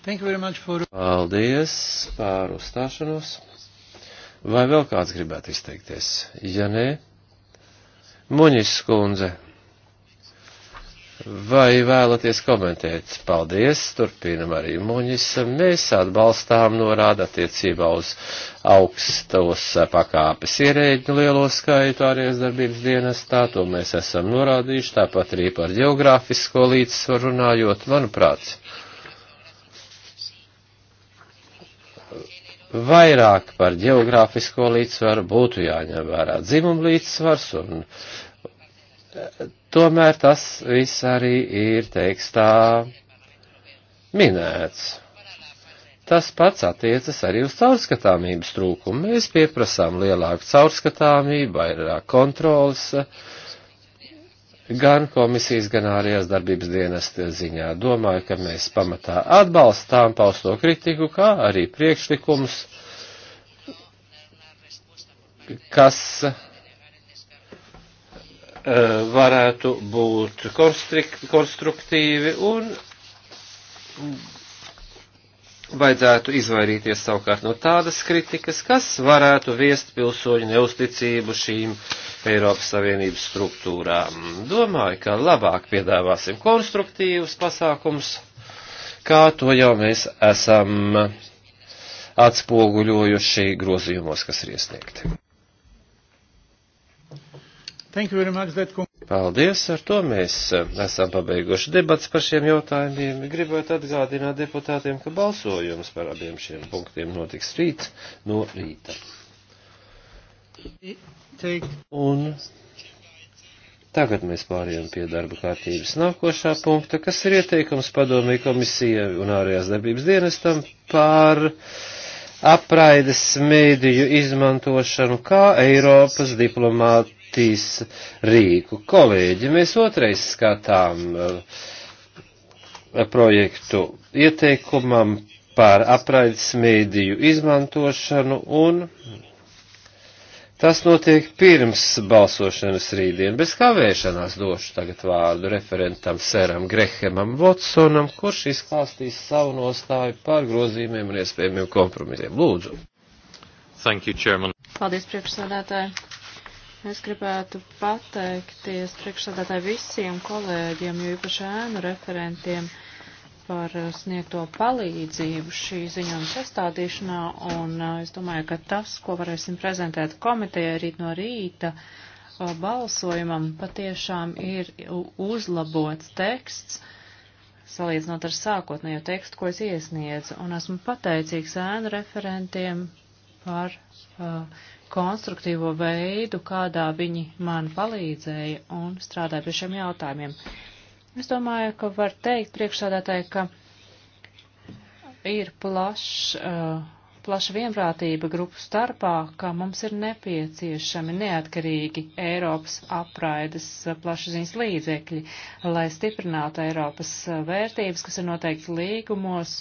For... Paldies par uzstāšanos. Vai vēl kāds gribētu izteikties? Ja nē, Muņis skundze, vai vēlaties komentēt? Paldies, turpinam arī Muņis. Mēs atbalstām norāda attiecībā uz augstos pakāpes ierēģinu lielo skaitu ārējas darbības dienestā, to mēs esam norādījuši, tāpat arī par geogrāfisko līdzsvaru runājot, manuprāt vairāk par geogrāfisko līdzsvaru būtu jāņem vērā dzimumu līdzsvars, un eh, tomēr tas viss arī ir tekstā minēts. Tas pats attiecas arī uz caurskatāmības trūkumu. Mēs pieprasām lielāku caurskatāmību, vairāk kontrolas, uh, gan komisijas, gan ārējās darbības dienas ziņā. Domāju, ka mēs pamatā atbalstām pausto kritiku, kā arī priekšlikumus, kas eh, varētu būt konstruktīvi un vajadzētu izvairīties savukārt no tādas kritikas, kas varētu viest pilsoņu neusticību šīm Eiropas Savienības struktūrām. Domāju, ka labāk piedāvāsim konstruktīvus pasākums, kā to jau mēs esam atspoguļojuši grozījumos, kas ir iesniegti. Thank you very much. That Paldies, ar to mēs eh, esam pabeiguši debats par šiem jautājumiem. Gribētu atgādināt deputātiem, ka balsojums par abiem šiem punktiem notiks rīt no rīta. Un Tagad mēs pārējām pie darba kārtības nākošā punkta, kas ir ieteikums padomē komisija un ārējās darbības dienestam par apraides mēdīju izmantošanu kā Eiropas diplomāta partijas rīku. Kolēģi, mēs otrais skatām eh, projektu ieteikumam par apraides mēdīju izmantošanu un tas notiek pirms balsošanas rītdien. Bez kavēšanās došu tagad vārdu referentam Seram Grehemam Votsonam, kurš izklāstīs savu nostāju par grozījumiem un iespējamiem kompromisiem. Lūdzu. Thank you, Chairman. Paldies, priekšsādātāji. Es gribētu pateikties priekšsādātāji visiem kolēģiem, jo īpaši ēnu referentiem par eh, sniegto palīdzību šī ziņojuma sastādīšanā, un eh, es domāju, ka tas, ko varēsim prezentēt komitejai rīt no rīta eh, balsojumam, patiešām ir uzlabots teksts, salīdzinot ar sākotnējo tekstu, ko es iesniedzu, un esmu pateicīgs ēnu referentiem par uh, konstruktīvo veidu, kādā viņi man palīdzēja un strādāja pie šiem jautājumiem. Es domāju, ka var teikt priekšsādātāji, ka ir plašs. Uh, plaša vienprātība grupu starpā, ka mums ir nepieciešami neatkarīgi Eiropas apraides uh, plašsaziņas līdzekļi, lai stiprinātu Eiropas uh, vērtības, kas ir noteikti līgumos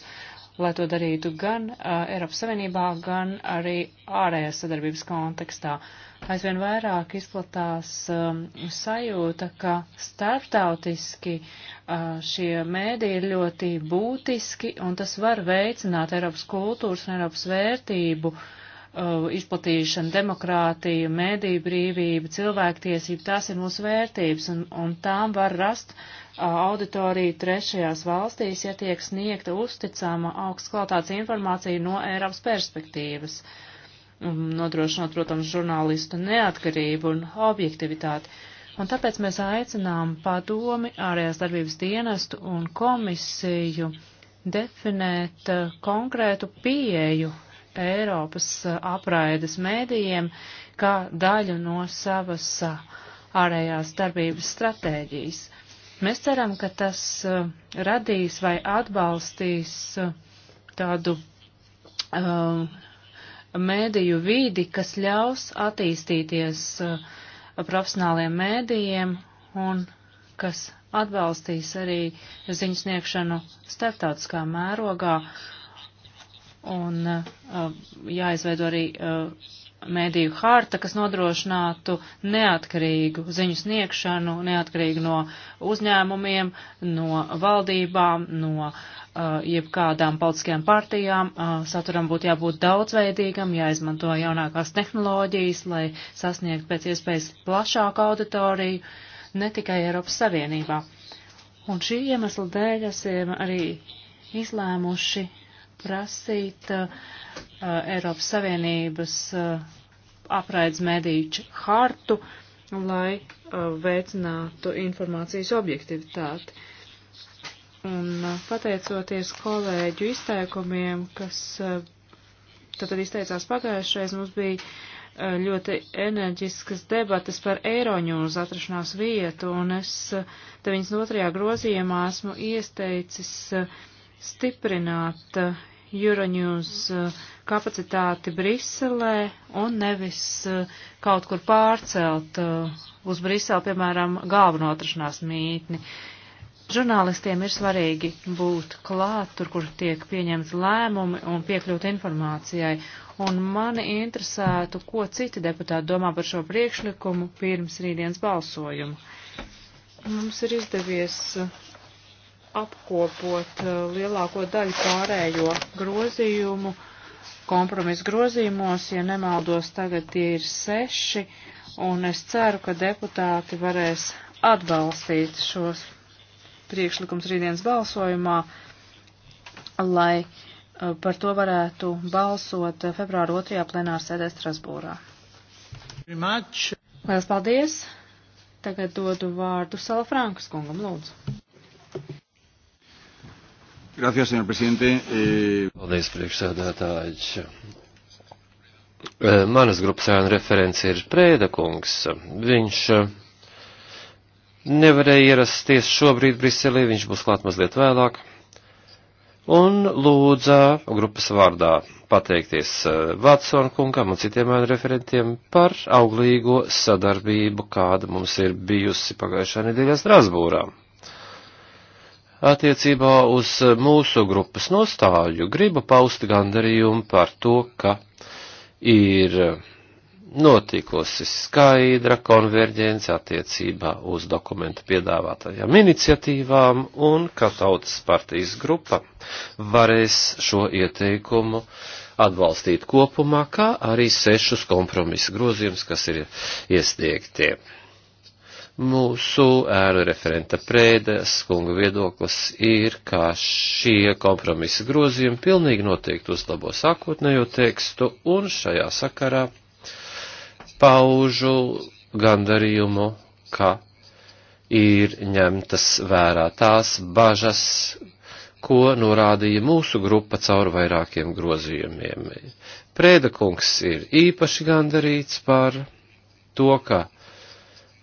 lai to darītu gan uh, Eiropas Savienībā, gan arī ārējās sadarbības kontekstā. Aizvien vairāk izplatās um, sajūta, ka starptautiski uh, šie mēdī ir ļoti būtiski un tas var veicināt Eiropas kultūras un Eiropas vērtību uh, Uh, izplatīšana, demokrātija, mēdīja brīvība, cilvēktiesība, tās ir mūsu vērtības, un, un tām var rast uh, auditoriju trešajās valstīs, ja tiek sniegta uzticama augstskvalitātes informācija no Eiropas perspektīvas, nodrošinot, protams, žurnālistu neatkarību un objektivitāti. Un tāpēc mēs aicinām padomi, ārējās darbības dienestu un komisiju definēt uh, konkrētu pieeju Eiropas eh, apraides mēdījiem kā daļu no savas eh, ārējās darbības stratēģijas. Mēs ceram, ka tas eh, radīs vai atbalstīs tādu um, mēdīju vīdi, kas ļaus attīstīties uh, profesionāliem mēdījiem un kas atbalstīs arī ziņu sniegšanu starptautiskā mērogā un uh, jāizveido arī uh, mēdīju harta, kas nodrošinātu neatkarīgu ziņu sniegšanu, neatkarīgu no uzņēmumiem, no valdībām, no uh, jebkādām politiskajām partijām. Uh, saturam būtu jābūt daudzveidīgam, jāizmanto jaunākās tehnoloģijas, lai sasniegtu pēc iespējas plašāku auditoriju, ne tikai Eiropas Savienībā. Un šī iemesla dēļ esam arī izlēmuši prasīt uh, Eiropas Savienības uh, eh, apraidz medīču hartu, lai uh, veicinātu informācijas objektivitāti. Un uh, pateicoties kolēģu izteikumiem, kas uh, tad izteicās pagājušais, mums bija uh, ļoti enerģiskas debatas par eiroņūs atrašanās vietu, un es uh, 92. grozījumā esmu iesteicis uh, stiprināt eh, Euronews eh, kapacitāti Briselē un nevis eh, kaut kur pārcelt uz Briselu, piemēram, galveno atrašanās mītni. Žurnālistiem ir svarīgi būt klāt tur, kur tiek pieņemts lēmumi un piekļūt informācijai. Un mani interesētu, ko citi deputāti domā par šo priekšlikumu pirms rītdienas balsojumu. Mums ir izdevies uh, apkopot eh, lielāko daļu pārējo grozījumu kompromisu grozījumos, ja nemaldos, tagad tie ir seši, un es ceru, ka deputāti varēs atbalstīt šos priekšlikums rītdienas balsojumā, lai eh, par to varētu balsot februāru 2. plenāru sēdē Strasbūrā. Lielas paldies! Tagad dodu vārdu Salafrankas kungam, lūdzu. Gracias, senor presidente. E... Paldies, priekšsēdētāji. Eh, manas grupas ēna referents ir Prēda kungs. Viņš eh, nevarēja ierasties šobrīd Briselī, viņš būs klāt mazliet vēlāk. Un lūdza grupas vārdā pateikties Vatsona kungam un citiem ēnu referentiem par auglīgo sadarbību, kāda mums ir bijusi pagājušā nedēļā Strasbūrā attiecībā uz eh, mūsu grupas nostāju gribu paust gandarījumu par to, ka ir eh, notikusi skaidra konverģence attiecībā uz dokumentu piedāvātajām iniciatīvām un ka tautas partijas grupa varēs šo ieteikumu atbalstīt kopumā, kā arī sešus kompromisu grozījumus, kas ir iesniegtie. Mūsu ēnu referenta prēdes kunga viedoklis ir, ka šie kompromisa grozījumi pilnīgi noteikti uzlabo sākotnējo tekstu un šajā sakarā paužu gandarījumu, ka ir ņemtas vērā tās bažas, ko norādīja mūsu grupa caur vairākiem grozījumiem. Prēda kungs ir īpaši gandarīts par to, ka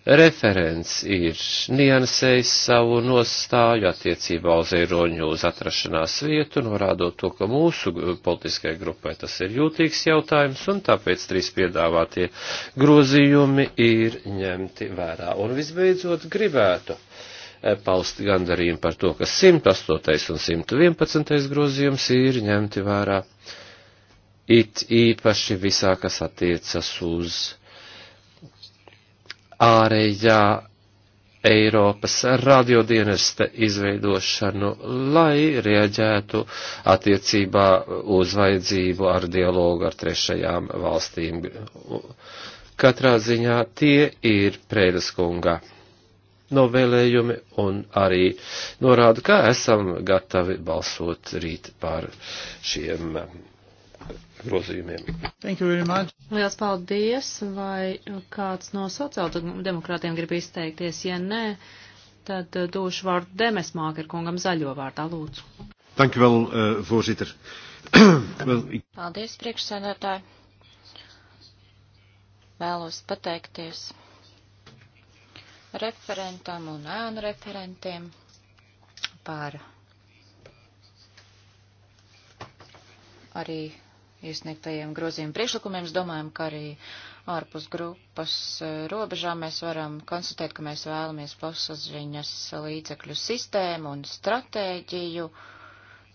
Referents ir niansējis savu nostāju attiecībā uz eiroņu uz atrašanās vietu, norādot to, ka mūsu politiskajai grupai tas ir jūtīgs jautājums, un tāpēc trīs piedāvātie grozījumi ir ņemti vērā. Un visbeidzot gribētu eh, paust gandarījumu par to, ka 108. un 111. grozījums ir ņemti vērā it īpaši visā, kas attiecas uz ārējā Eiropas radiodienesta izveidošanu, lai rieģētu attiecībā uz vajadzību ar dialogu ar trešajām valstīm. Katrā ziņā tie ir Prēdas kunga novēlējumi un arī norāda, ka esam gatavi balsot rīt par šiem grozījumiem. Thank you very much. Liels paldies. Vai kāds no sociāldemokrātiem grib izteikties? Ja nē, tad eh, došu vārdu Demesmāker kungam zaļo vārdā, lūdzu. Thank you well, uh, voorzitter. [COUGHS] well, ik... Paldies, priekšsēdētāji. Vēlos pateikties referentam un ēnu referentiem par arī iesniegtajiem grozījumu priekšlikumiem. Es domāju, ka arī ārpus grupas e, robežām mēs varam konstatēt, ka mēs vēlamies plašsaziņas līdzekļu sistēmu un stratēģiju,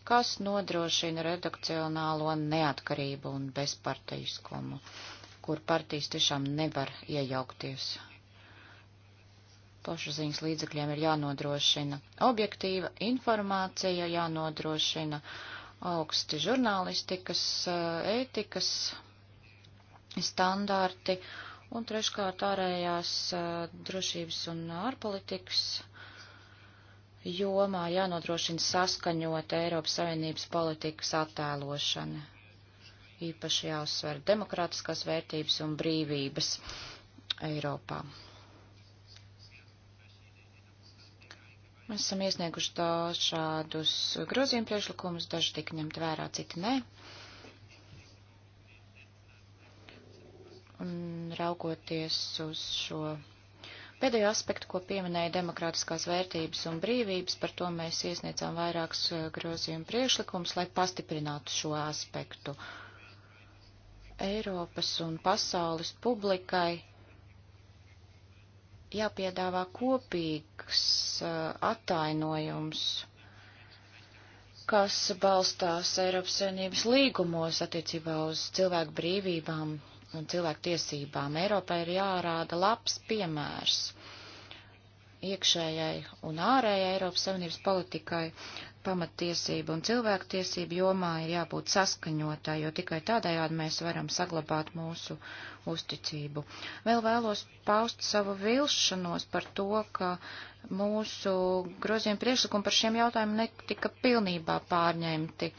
kas nodrošina redakcionālo neatkarību un bezparteiskumu, kur partijas tiešām nevar iejaukties. Plašsaziņas līdzekļiem ir jānodrošina objektīva informācija, jānodrošina uh, augsti žurnālistikas, eh, ētikas standārti un treškārt ārējās eh, drošības un ārpolitikas jomā jānodrošina saskaņot Eiropas Savienības politikas attēlošana. Īpaši jāuzsver demokrātiskās vērtības un brīvības Eiropā. Mēs esam iesnieguši dažādus grozījumu priekšlikumus, daži tika ņemt vērā, citi nē. Un raugoties uz šo pēdējo aspektu, ko pieminēja demokrātiskās vērtības un brīvības, par to mēs iesniedzām vairākus grozījumu priekšlikumus, lai pastiprinātu šo aspektu. Eiropas un pasaules publikai jāpiedāvā kopīgs uh, attainojums, kas balstās Eiropas Savienības līgumos attiecībā uz cilvēku brīvībām un cilvēku tiesībām. Eiropai ir jārāda labs piemērs iekšējai un ārējai Eiropas Savienības politikai pamattiesību un cilvēktiesību jomā ir jābūt saskaņotā, jo tikai tādējādi mēs varam saglabāt mūsu uzticību. Vēl vēlos paust savu vilšanos par to, ka mūsu grozījuma priekšlikumi par šiem jautājumiem netika pilnībā pārņemti.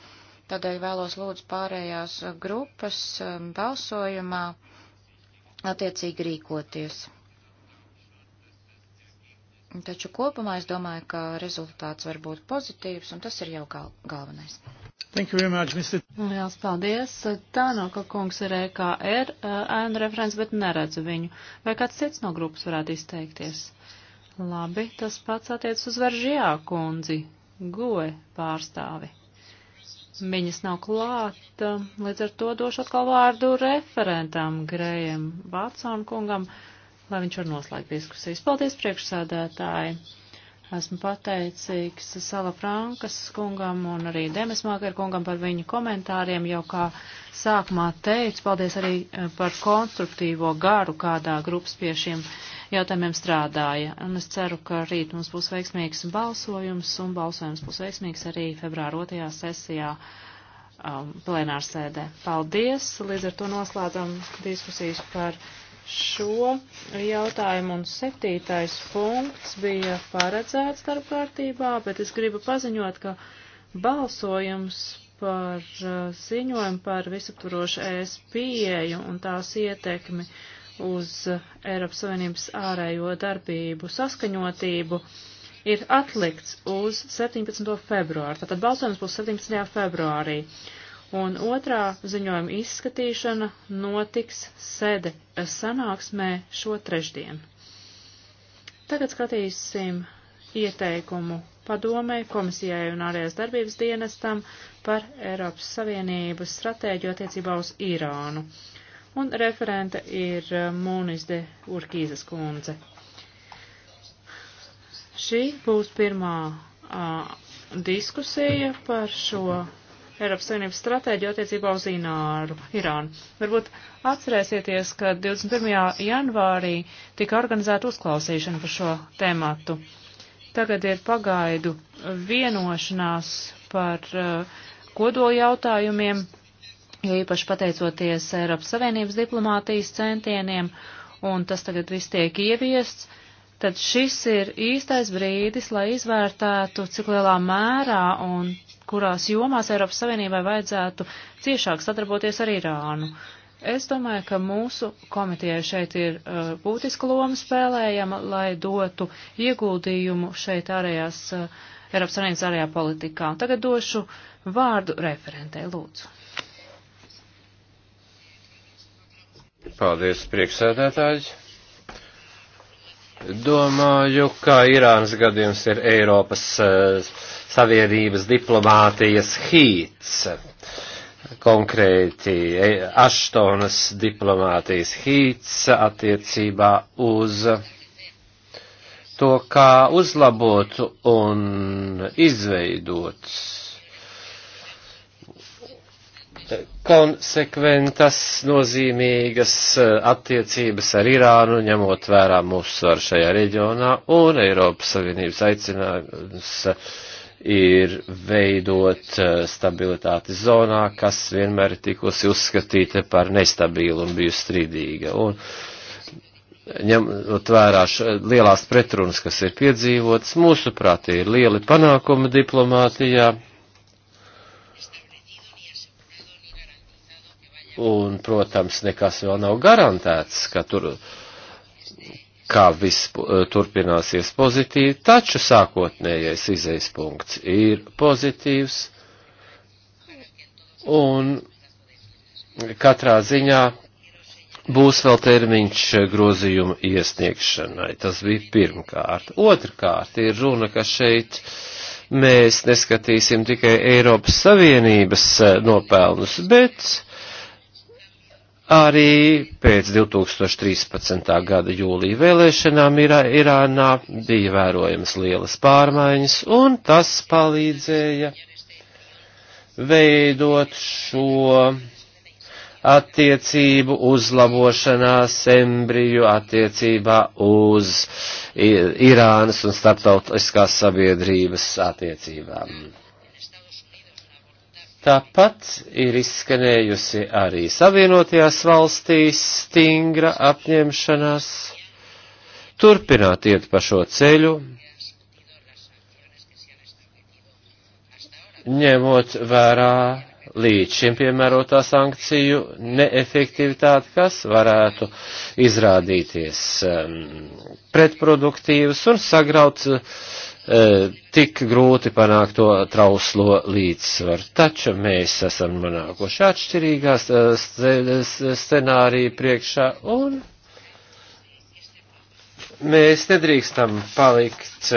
Tādēļ vēlos lūdzu pārējās grupas um, balsojumā attiecīgi rīkoties. Taču kopumā es domāju, ka rezultāts var būt pozitīvs, un tas ir jau gal galvenais. Much, Mr. Lielas paldies. Tā nav, ka kungs ir EKR eh, ēnu referents, bet neredzu viņu. Vai kāds cits no grupas varētu izteikties? Labi, tas pats attiec uz Veržijā kundzi, goe pārstāvi. Viņas nav klāta, līdz ar to došu atkal vārdu referentam Grējam Vatsonu kungam. Uh, lai viņš var noslēgt diskusijas. Paldies, priekšsēdētāji! Esmu pateicīgs Sala Frankas kungam un arī Demes Mākar kungam par viņu komentāriem, jau kā sākumā teicu, paldies arī eh, par konstruktīvo garu, kādā grupas pie šiem jautājumiem strādāja. Un es ceru, ka rīt mums būs veiksmīgs balsojums un balsojums būs veiksmīgs arī februāra otrajā sesijā um, plenārsēdē. Paldies! Līdz ar to noslēdzam diskusijas par šo jautājumu, un septītais punkts bija paredzēts starp kārtībā, bet es gribu paziņot, ka balsojums par uh, ziņojumu par visaptvarošu ES pieeju un tās ietekmi uz uh, Eiropas Savienības ārējo darbību saskaņotību ir atlikts uz 17. februāru. Tātad balsojums būs 17. februārī. Uh, un otrā ziņojuma izskatīšana notiks sede eh, sanāksmē šo trešdien. Tagad skatīsim ieteikumu padomē, komisijai un ārējās darbības dienestam par Eiropas Savienības stratēģiju attiecībā uz Irānu. Un referente ir eh, Mūnis de Urkīzes kundze. Šī būs pirmā a, diskusija par šo Eiropas Savienības stratēģiju attiecībā uz Ināru, Irānu. Varbūt atcerēsieties, ka 21. janvārī tika organizēta uzklausīšana par šo tēmatu. Tagad ir pagaidu vienošanās par uh, kodoli jautājumiem, jo īpaši pateicoties Eiropas Savienības diplomātijas centieniem, un tas tagad viss tiek ieviests tad šis ir īstais brīdis, lai izvērtētu, cik lielā mērā un kurās jomās Eiropas Savienībai vajadzētu ciešāk sadarboties ar Irānu. Es domāju, ka mūsu komitejai šeit ir uh, būtiska loma spēlējama, lai dotu ieguldījumu šeit ārējās, uh, Eiropas Savienības ārējā politikā. Un tagad došu vārdu referentē, lūdzu. Paldies, priekšsēdētāji. Domāju, ka Irānas gadījums ir Eiropas uh, Savienības diplomātijas hīts. Konkrēti, eh, Aštonas diplomātijas hīts attiecībā uz to, kā uzlabot un izveidot konsekventas, nozīmīgas e, attiecības ar Irānu, ņemot vērā mūsu svaru šajā reģionā, un Eiropas Savienības aicinājums ir veidot e, stabilitāti zonā, kas vienmēr ir tikusi uzskatīta par nestabilu un bijusi strīdīga. Un ņemot vērā lielās pretrunas, kas ir piedzīvotas, mūsuprāt, ir lieli panākumi diplomātijā. Un, protams, nekas vēl nav garantēts, ka tur kā viss eh, turpināsies pozitīvi, taču sākotnējais izejas punkts ir pozitīvs. Un katrā ziņā būs vēl termiņš grozījuma iesniegšanai. Tas bija pirmkārt. Otrkārt ir runa, ka šeit mēs neskatīsim tikai Eiropas Savienības nopelnus, bet Arī pēc 2013. gada jūlija vēlēšanām Irā, Irānā bija vērojamas lielas pārmaiņas, un tas palīdzēja veidot šo attiecību uzlabošanās embriju attiecībā uz Irānas un starptautiskās sabiedrības attiecībām Tāpat ir izskanējusi arī Savienotajās valstīs stingra apņemšanās turpināt iet pa šo ceļu, ņemot vērā līdz šim piemērotā sankciju neefektivitāti, kas varētu izrādīties um, pretproduktīvas un sagraut uh, Eh, tik grūti panākt to trauslo līdzsvaru. Taču mēs esam manākoši atšķirīgās eh, eh, scenāriju priekšā un mēs nedrīkstam palikt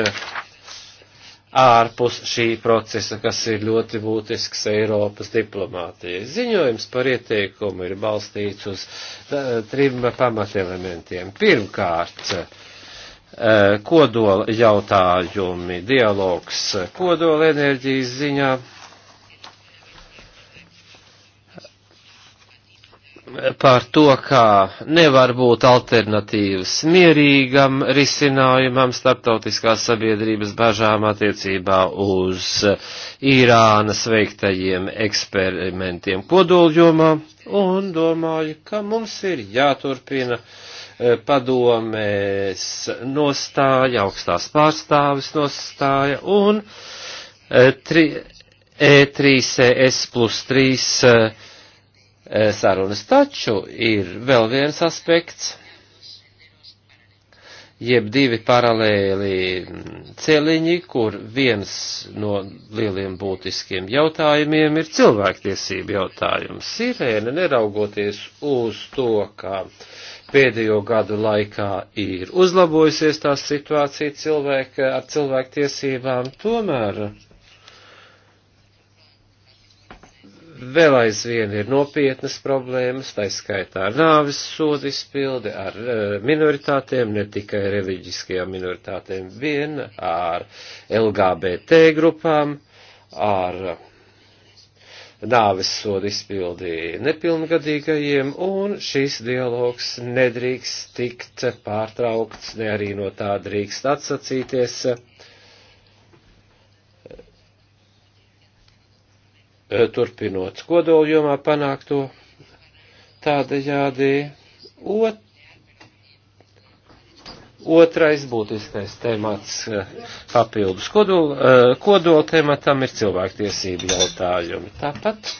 ārpus šī procesa, kas ir ļoti būtisks Eiropas diplomātijai. Ziņojums par ieteikumu ir balstīts uz trim pamatelementiem. Pirmkārt, uh, Eh, kodola jautājumi, dialogs kodola enerģijas ziņā. par to, kā nevar būt alternatīvas mierīgam risinājumam starptautiskās sabiedrības bažām attiecībā uz Irānas veiktajiem eksperimentiem kodoljumā, un domāju, ka mums ir jāturpina uh, Eh, padomēs nostāja, augstās pārstāvis nostāja un E3S eh, e e plus 3 eh, sarunas. Taču ir vēl viens aspekts jeb divi paralēli celiņi, kur viens no lieliem būtiskiem jautājumiem ir cilvēktiesība jautājums. Sirēna, neraugoties uz to, ka pēdējo gadu laikā ir uzlabojusies tā situācija cilvēka ar cilvēktiesībām, tomēr vēl aizvien ir nopietnas problēmas, tā skaitā ar nāvis sodu izpildi, ar eh, minoritātēm, ne tikai reliģiskajām minoritātēm vien, ar LGBT grupām, ar nāvis sodu izpildīja nepilngadīgajiem, un šis dialogs nedrīkst tikt pārtraukts, ne arī no tā drīkst atsacīties Eh, turpinot kodoljumā panākto tādējādi. Ot, Otrais būtiskais temats eh, papildus kodola, eh, kodola tematam ir cilvēktiesību jautājumi. Tāpat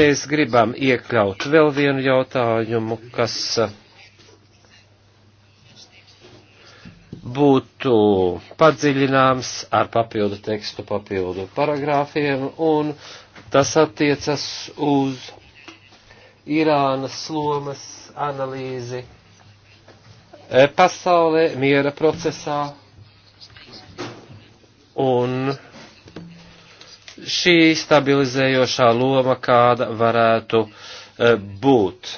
mēs gribam iekļaut vēl vienu jautājumu, kas būtu padziļināms ar papildu tekstu, papildu paragrāfiem, un tas attiecas uz Irānas lomas analīzi e, pasaulē, miera procesā, un šī stabilizējošā loma kāda varētu e, būt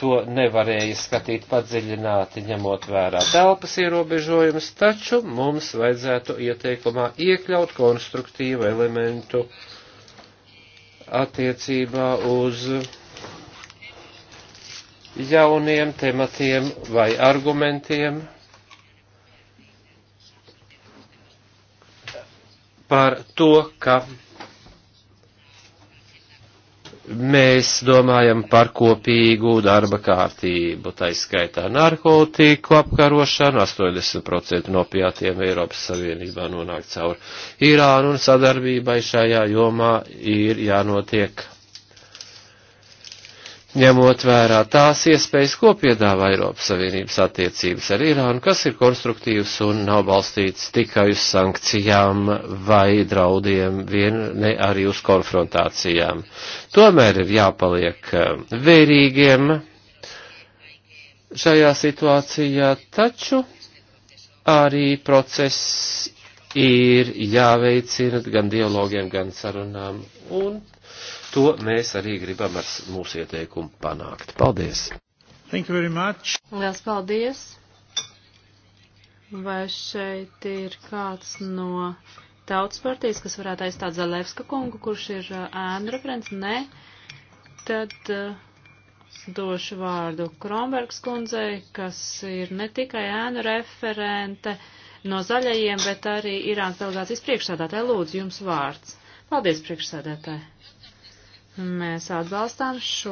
to nevarēja skatīt padziļināti, ņemot vērā telpas ierobežojumus, taču mums vajadzētu ieteikumā iekļaut konstruktīvu elementu attiecībā uz jauniem tematiem vai argumentiem par to, ka mēs domājam par kopīgu darba kārtību, taiskaitā narkotiku apkarošanu, 80% nopietniem Eiropas Savienībā nonāk caur Irānu un sadarbībai šajā jomā ir jānotiek ņemot vērā tās iespējas, ko piedāvā Eiropas Savienības attiecības ar Irānu, kas ir konstruktīvs un nav balstīts tikai uz sankcijām vai draudiem, vien ne arī uz konfrontācijām. Tomēr ir jāpaliek eh, vērīgiem šajā situācijā, taču arī process ir jāveicina gan dialogiem, gan sarunām. Un To mēs arī gribam ar mūsu ieteikumu panākt. Paldies! Thank you very much! Lielas paldies! Vai šeit ir kāds no tautas partijas, kas varētu aizstāt Zalevska kungu, kurš ir uh, ēnu referents? Nē. Tad uh, došu vārdu Kronbergs kundzei, kas ir ne tikai ēnu referente no zaļajiem, bet arī Irānas delegācijas priekšsādātāja. Lūdzu, jums vārds. Paldies, priekšsādātāji. Mēs atbalstām šo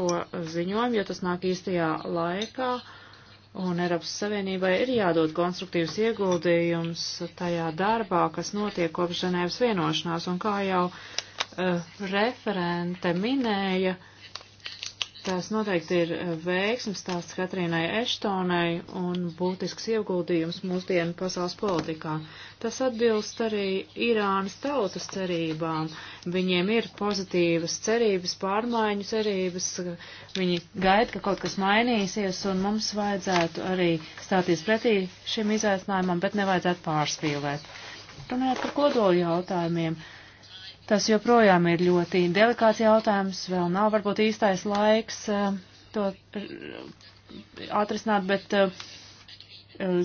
ziņojumu, jo tas nāk īstajā laikā. Un Eiropas Savienībai ir jādod konstruktīvs ieguldījums tajā darbā, kas notiek kopš Ženēvas vienošanās. Un kā jau uh, referente minēja, uh, Tas noteikti ir eh, veiksmes stāsts Katrīnai Eštonai un būtisks ieguldījums mūsdienu pasaules politikā. Tas atbilst arī Irānas tautas cerībām. Viņiem ir pozitīvas cerības, pārmaiņu cerības, viņi gaida, ka kaut kas mainīsies un mums vajadzētu arī stāties pretī šim izaicinājumam, bet nevajadzētu pārspīlēt. Runājot par kodoli jautājumiem. Uh, Tas joprojām ir ļoti delikāts jautājums, vēl nav varbūt īstais laiks eh, to eh, atrisināt, bet eh,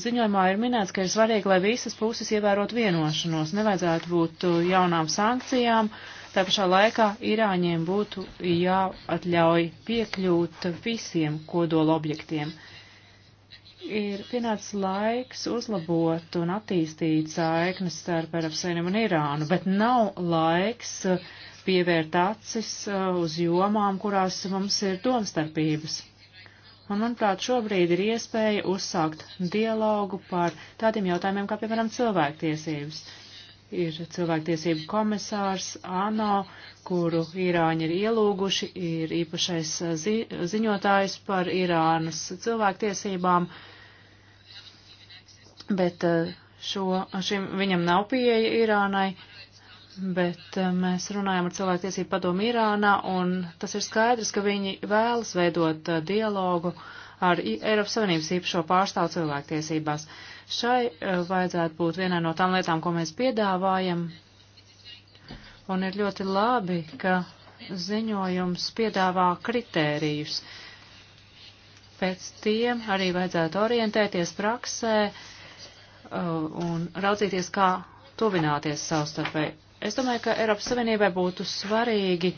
ziņojumā ir minēts, ka ir svarīgi, lai visas puses ievērot vienošanos. Nevajadzētu būt jaunām sankcijām, tā pašā laikā Irāņiem būtu jāatļauj piekļūt visiem kodola objektiem. Uh, ir pienācis laiks uzlabot un attīstīt saiknes starp Eiropas Savienību un Irānu, bet nav laiks pievērt acis uh, uz jomām, kurās mums ir domstarpības. Un, manuprāt, šobrīd ir iespēja uzsākt dialogu par tādiem jautājumiem, kā, piemēram, cilvēktiesības. Ir cilvēktiesību komisārs ANO, kuru Irāņi ir ielūguši, ir īpašais zi ziņotājs par Irānas cilvēktiesībām. Uh, bet eh, šo, šim, viņam nav pieeja Irānai, bet eh, mēs runājam ar cilvēktiesību padomu Irānā, un tas ir skaidrs, ka viņi vēlas veidot eh, dialogu ar Eiropas Savienības īpašo pārstāvu cilvēktiesībās. Šai vajadzētu būt vienai no tām lietām, ko mēs piedāvājam, un ir ļoti labi, ka ziņojums piedāvā kritērijus. Pēc tiem arī vajadzētu orientēties praksē, uh, Uh, un raudzīties, kā tuvināties savstarpēji. Es domāju, ka Eiropas Savienībai būtu svarīgi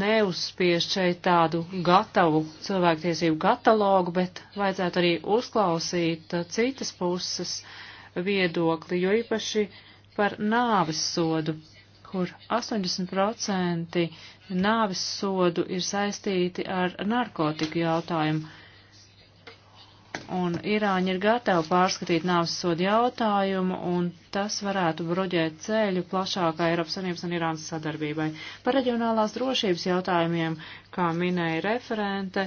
neuzspiest šeit tādu gatavu cilvēktiesību katalogu, bet vajadzētu arī uzklausīt citas puses viedokli, jo īpaši par nāvis sodu, kur 80% nāvis sodu ir saistīti ar narkotiku jautājumu un Irāņi ir gatavi pārskatīt nāves sodu jautājumu, un tas varētu bruģēt ceļu plašākai Eiropas Savienības un Irānas sadarbībai. Par reģionālās drošības jautājumiem, kā minēja referente,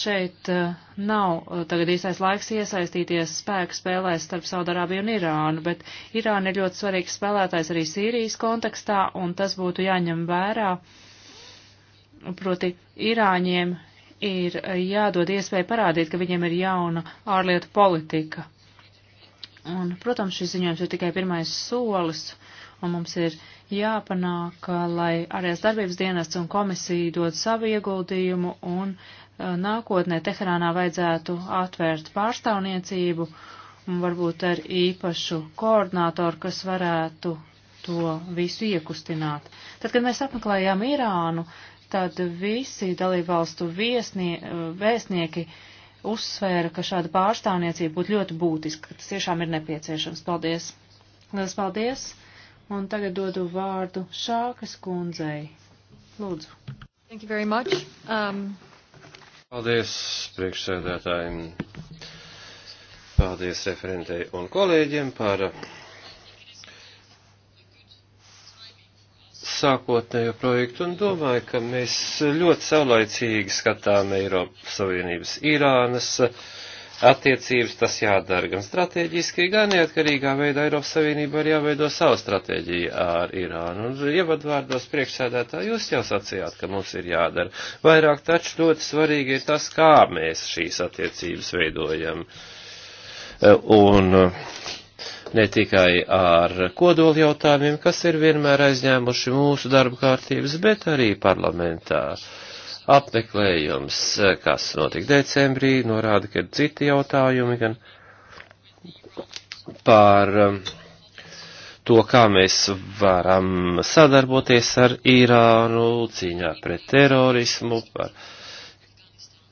šeit eh, nav eh, tagad īstais laiks iesaistīties spēku spēlēs starp Saudarābiju un Irānu, bet Irāna ir ļoti svarīgs spēlētājs arī Sīrijas kontekstā, un tas būtu jāņem vērā. Proti, Irāņiem ir eh, jādod iespēja parādīt, ka viņiem ir jauna ārlietu politika. Un, protams, šis ziņojums ir tikai pirmais solis, un mums ir jāpanāk, lai ārējās darbības dienests un komisija dod savu ieguldījumu, un eh, nākotnē Teherānā vajadzētu atvērt pārstāvniecību, un varbūt ar īpašu koordinātoru, kas varētu to visu iekustināt. Tad, kad mēs apmeklējām Irānu, tad visi dalībvalstu viesnie, vēstnieki uzsvēra, ka šāda pārstāvniecība būtu ļoti būtiska, ka tas tiešām ir nepieciešams. Paldies! Lielas paldies! Un tagad dodu vārdu Šākas kundzei. Lūdzu. Thank you very much. Um... Paldies priekšsēdētājiem. Paldies referentei un kolēģiem par sākotnējo projektu un domāju, ka mēs ļoti saulaicīgi skatām Eiropas Savienības Irānas attiecības. Tas jādara gan strateģiski, gan neatkarīgā veidā Eiropas Savienība var jāveido savu stratēģiju ar Irānu. Un ievadvārdos priekšsēdētā jūs jau sacījāt, ka mums ir jādara vairāk, taču ļoti svarīgi ir tas, kā mēs šīs attiecības veidojam. Un, ne tikai ar kodoli jautājumiem, kas ir vienmēr aizņēmuši mūsu darba kārtības, bet arī parlamentā. Apmeklējums, kas notika decembrī, norāda, ka ir citi jautājumi gan par um, to, kā mēs varam sadarboties ar Irānu cīņā pret terorismu, par uh,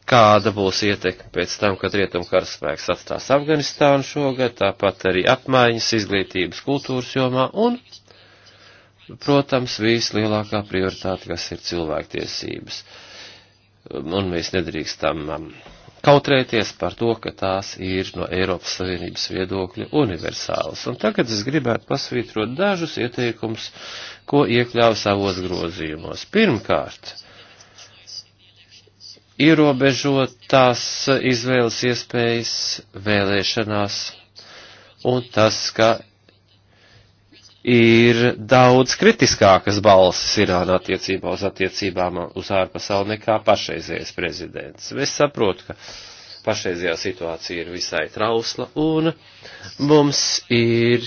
kāda būs ietekme pēc tam, kad rietumu karaspēks atstās Afganistānu šogad, tāpat arī apmaiņas izglītības kultūras jomā un, protams, vislielākā prioritāte, kas ir cilvēktiesības. Un mēs nedrīkstam um, kautrēties par to, ka tās ir no Eiropas Savienības viedokļa universālas. Un tagad es gribētu pasvītrot dažus ieteikumus, ko iekļāvu savos grozījumos. Pirmkārt, ierobežotās izvēles iespējas vēlēšanās, un tas, ka ir daudz kritiskākas balsis Irāna attiecībā uz attiecībām uz ārpasauli nekā pašreizējais prezidents. Es saprotu, ka pašreizējā situācija ir visai trausla, un mums ir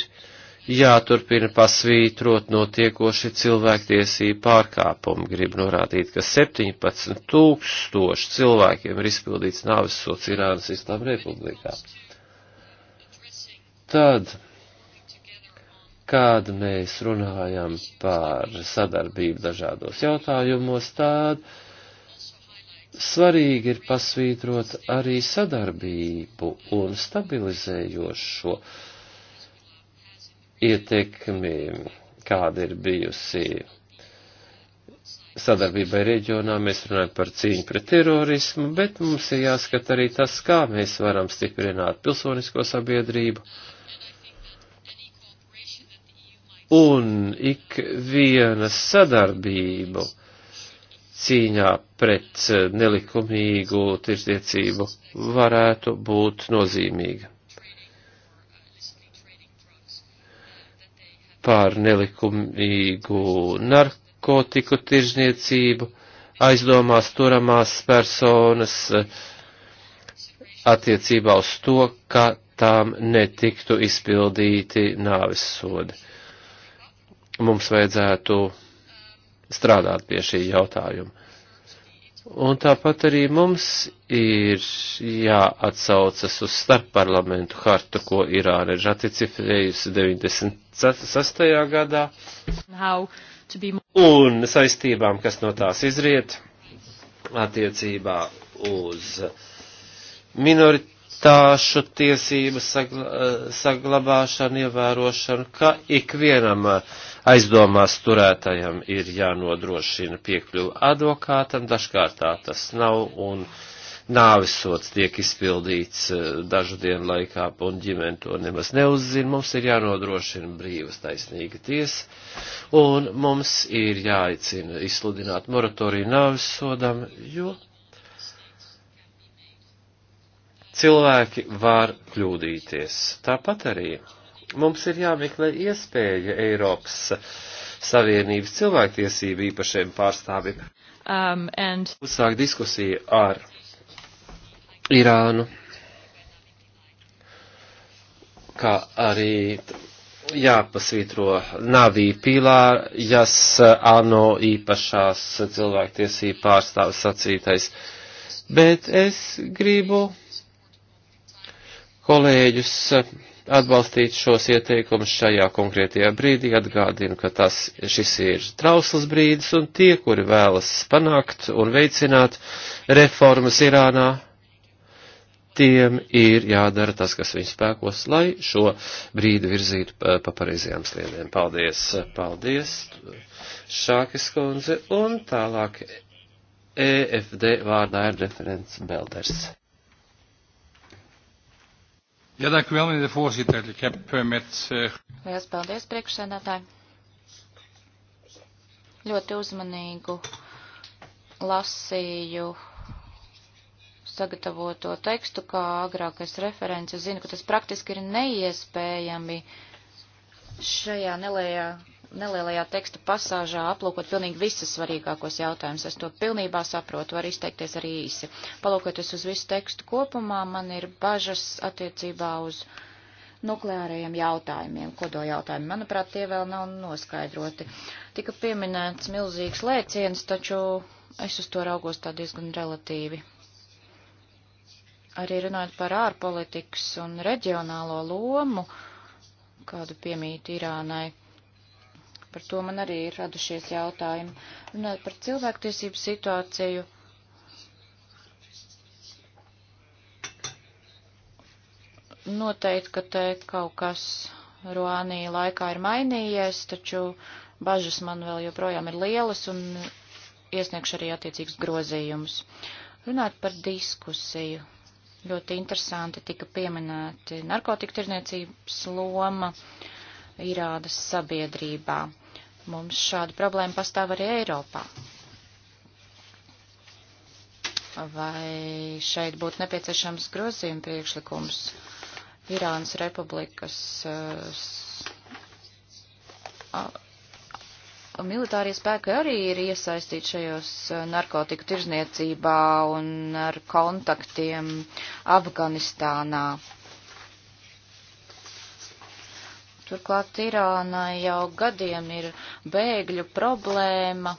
jāturpina pasvītrot notiekoši cilvēktiesību pārkāpumi. Grib norādīt, ka 17 tūkstoši cilvēkiem ir izpildīts nāves sots Irānas Islām Republikā. Tad, kad mēs runājam par sadarbību dažādos jautājumos, tad svarīgi ir pasvītrot arī sadarbību un stabilizējošo šo ietekmi, kāda ir bijusi sadarbībai reģionā, mēs runājam par cīņu pret terorismu, bet mums ir jāskat arī tas, kā mēs varam stiprināt pilsonisko sabiedrību. Un ik viena sadarbību cīņā pret nelikumīgu tirsniecību varētu būt nozīmīga. pār nelikumīgu narkotiku tirzniecību, aizdomās turamās personas attiecībā uz to, ka tām netiktu izpildīti nāvis sodi. Mums vajadzētu strādāt pie šī jautājuma. Un tāpat arī mums ir jāatsaucas uz starpparlamentu hartu, ko Irāna ir ratificējusi 96. gadā, be... un saistībām, kas no tās izriet attiecībā uz minoritāšu tiesību sagla saglabāšanu, ievērošanu, ka ikvienam uh, aizdomās turētajam ir jānodrošina piekļuva advokātam, dažkārt tā tas nav, un nāvisots tiek izpildīts eh, dažu dienu laikā, un ģimene to nemaz neuzzina. Mums ir jānodrošina brīvas taisnīga tiesa, un mums ir jāicina izsludināt moratoriju nāvisodam, jo cilvēki var kļūdīties. Tāpat arī Mums ir jāmeklē iespēja Eiropas Savienības cilvēktiesību īpašiem pārstāvim. Um, and... Uzsāk diskusiju ar Irānu, kā arī jāpasvītro Navī Pilārjas ANO īpašās cilvēktiesību pārstāvis sacītais. Bet es gribu kolēģus atbalstīt šos ieteikumus šajā konkrētajā brīdī. Atgādinu, ka tas, šis ir trausls brīdis, un tie, kuri vēlas panākt un veicināt reformas Irānā, tiem ir jādara tas, kas viņu spēkos, lai šo brīdi virzītu pa, eh, pa pareizajām sliedēm. Paldies, paldies, Šākis kundze, un tālāk EFD vārdā ir referents Belders. Ja, dank u wel, meneer de voorzitter. Ik heb eh, met... Uh... Eh, Lielas paldies, priekšsēdētāji. Ļoti uzmanīgu lasīju sagatavoto tekstu, kā agrākais referents. Es zinu, ka tas praktiski ir neiespējami šajā nelējā nelielajā teksta pasāžā aplūkot pilnīgi visas svarīgākos jautājumus. Es to pilnībā saprotu, var izteikties arī īsi. Palūkoties uz visu tekstu kopumā, man ir bažas attiecībā uz nukleārajiem jautājumiem, kodo jautājumi. Manuprāt, tie vēl nav noskaidroti. Tika pieminēts milzīgs lēciens, taču es uz to raugos tā diezgan relatīvi. Arī runājot par ārpolitikas un reģionālo lomu, kādu piemīt Irānai, Par to man arī ir radušies jautājumi. Runājot par cilvēktiesību situāciju. Noteikti, ka te kaut kas Ruānī laikā ir mainījies, taču bažas man vēl joprojām ir lielas un iesniegšu arī attiecīgus grozījumus. Runāt par diskusiju. Ļoti interesanti tika pieminēti narkotika tirniecības loma Irādas sabiedrībā. Mums šāda problēma pastāv arī Eiropā. Vai šeit būtu nepieciešams grozījuma priekšlikums Irānas republikas uh, militārie spēki arī ir iesaistīti šajos eh, narkotiku tirzniecībā un ar kontaktiem Afganistānā. Turklāt Irānā jau gadiem ir bēgļu problēma,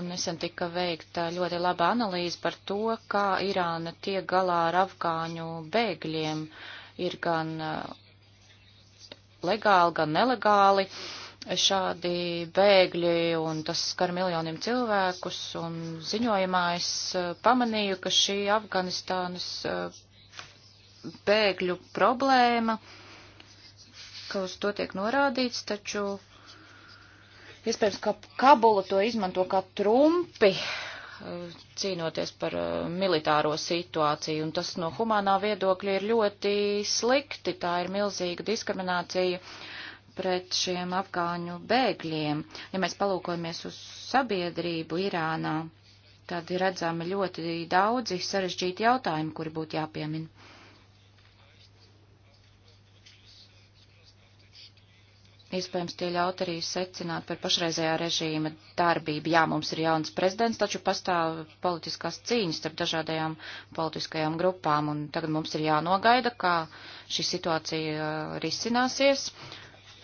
un nesen tika veikta ļoti laba analīze par to, kā Irāna tiek galā ar afgāņu bēgļiem. Ir gan eh, legāli, gan nelegāli šādi bēgļi, un tas skar miljoniem cilvēkus, un ziņojumā es eh, pamanīju, ka šī Afganistānas eh, bēgļu problēma ka uz to tiek norādīts, taču iespējams, ka Kabula to izmanto kā trumpi eh, cīnoties par eh, militāro situāciju, un tas no humānā viedokļa ir ļoti slikti. Tā ir milzīga diskriminācija pret šiem afgāņu bēgļiem. Ja mēs palūkojamies uz sabiedrību Irānā, tad ir redzami ļoti daudzi sarežģīti jautājumi, kuri būtu jāpiemina. Iespējams, tie ļaut arī secināt par pašreizējā režīma darbību. Jā, mums ir jauns prezidents, taču pastāv politiskās cīņas starp dažādajām politiskajām grupām, un tagad mums ir jānogaida, kā šī situācija uh, risināsies.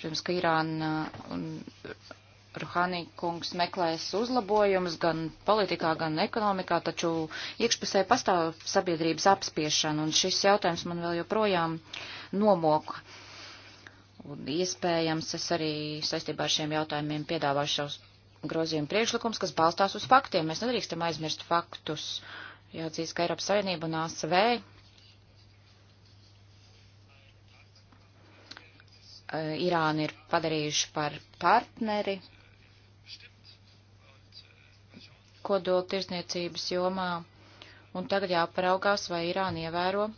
Protams, ka Irāna uh, un Ruhani kungs meklēs uzlabojumus gan politikā, gan ekonomikā, taču iekšpusē pastāv sabiedrības apspiešana, un šis jautājums man vēl joprojām nomoka. Uh, Un iespējams, es arī saistībā ar šiem jautājumiem piedāvāšu savus grozījumu priekšlikums, kas balstās uz faktiem. Mēs nedrīkstam aizmirst faktus. Jāatzīst, ka Eiropas Savienība un ASV e, Irānu ir padarījuši par partneri kodola tirzniecības jomā, un tagad jāparaugās, vai Irāna ievēro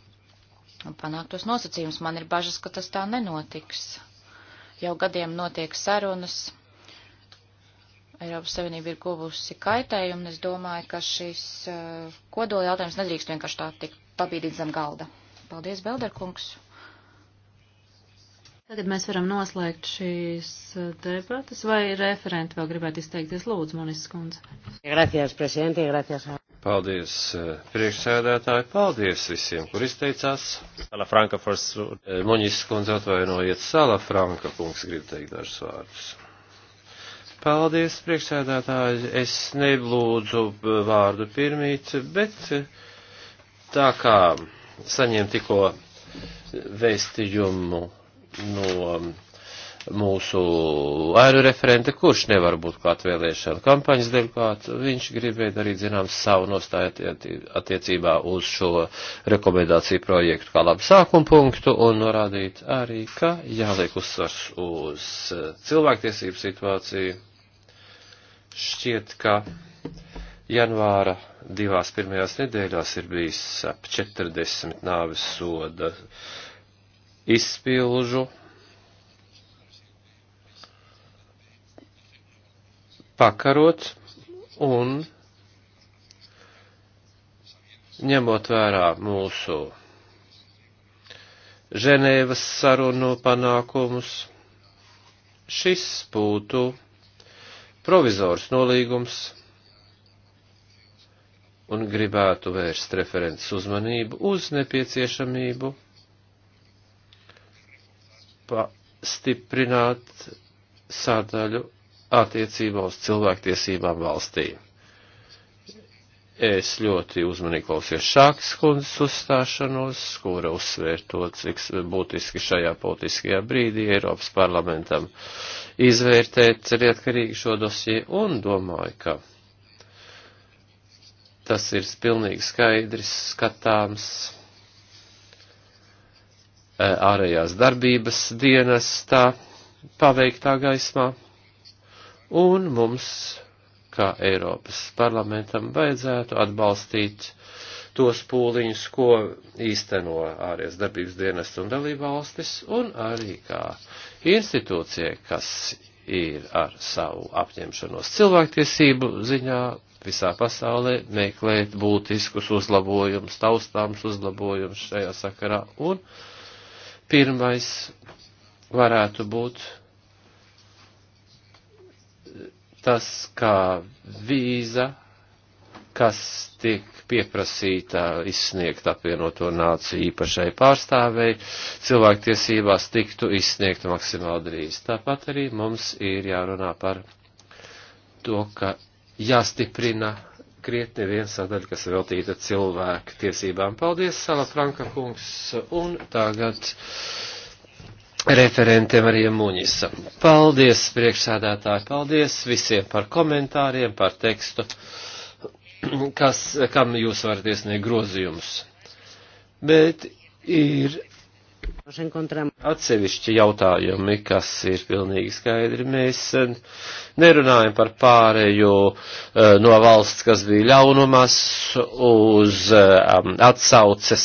un panākt tos nosacījumus. Man ir bažas, ka tas tā nenotiks. Jau gadiem notiek sarunas. Eiropas Savienība ir guvusi kaitējumu, un es domāju, ka šis uh, kodola jautājums nedrīkst vienkārši tā tik pabīdīt zem galda. Paldies, Belderkungs! Tagad mēs varam noslēgt šīs eh, debatas, vai referenti vēl gribētu izteikties, lūdzu, Monis Skundze. Gracias, presidente, gracias. Paldies eh, priekšsēdētāji, paldies visiem, kur izteicās. Salafranka first. Eh, Moņis kundze atvainojiet, Salafranka kungs grib teikt dažus vārdus. Paldies priekšsēdētāji, es neblūdzu eh, vārdu pirmīt, bet tā kā saņem tikko vēstījumu no mūsu ēnu referente, kurš nevar būt klāt vēlēšana kampaņas dēļ klāt, viņš gribēja darīt zināms savu nostāju attiecībā uz šo rekomendāciju projektu kā labu sākumu punktu un norādīt arī, ka jāliek uzsvars uz eh, cilvēktiesību situāciju. Šķiet, ka janvāra divās pirmajās nedēļās ir bijis ap 40 nāves soda izpilžu pakarot un ņemot vērā mūsu Ženēvas sarunu panākumus, šis būtu provizors nolīgums un gribētu vērst referents uzmanību uz nepieciešamību pastiprināt sadaļu attiecībā uz cilvēktiesībām valstī. Es ļoti uzmanīgi klausījos Šākas kundzes uzstāšanos, kura uzsvēr to, cik būtiski šajā politiskajā brīdī Eiropas parlamentam izvērtēt lietkarīgi šo dosie un domāju, ka tas ir pilnīgi skaidrs, skatāms ārējās darbības dienas tā paveiktā gaismā un mums, kā Eiropas parlamentam, vajadzētu atbalstīt tos pūliņus, ko īsteno ārējās darbības dienas un dalībvalstis, un arī kā institūcija, kas ir ar savu apņemšanos cilvēktiesību ziņā visā pasaulē meklēt būtiskus uzlabojumus, taustāms uzlabojumus šajā sakarā, un pirmais varētu būt tas, kā vīza, kas tiek pieprasīta izsniegt apvienoto nāciju īpašai pārstāvēji, cilvēktiesībās tiktu izsniegta maksimāli drīz. Tāpat arī mums ir jārunā par to, ka jāstiprina krietni viens sadaļa, kas ir veltīta cilvēku tiesībām. Paldies, Sala Franka kungs, un tagad referentiem arī Muņisam. Paldies, priekšsēdētāji, paldies visiem par komentāriem, par tekstu, kas, kam jūs varat iesniegt grozījumus. Bet ir atsevišķi jautājumi, kas ir pilnīgi skaidri. Mēs eh, nerunājam par pārējo eh, no valsts, kas bija ļaunumās, uz eh, atsauces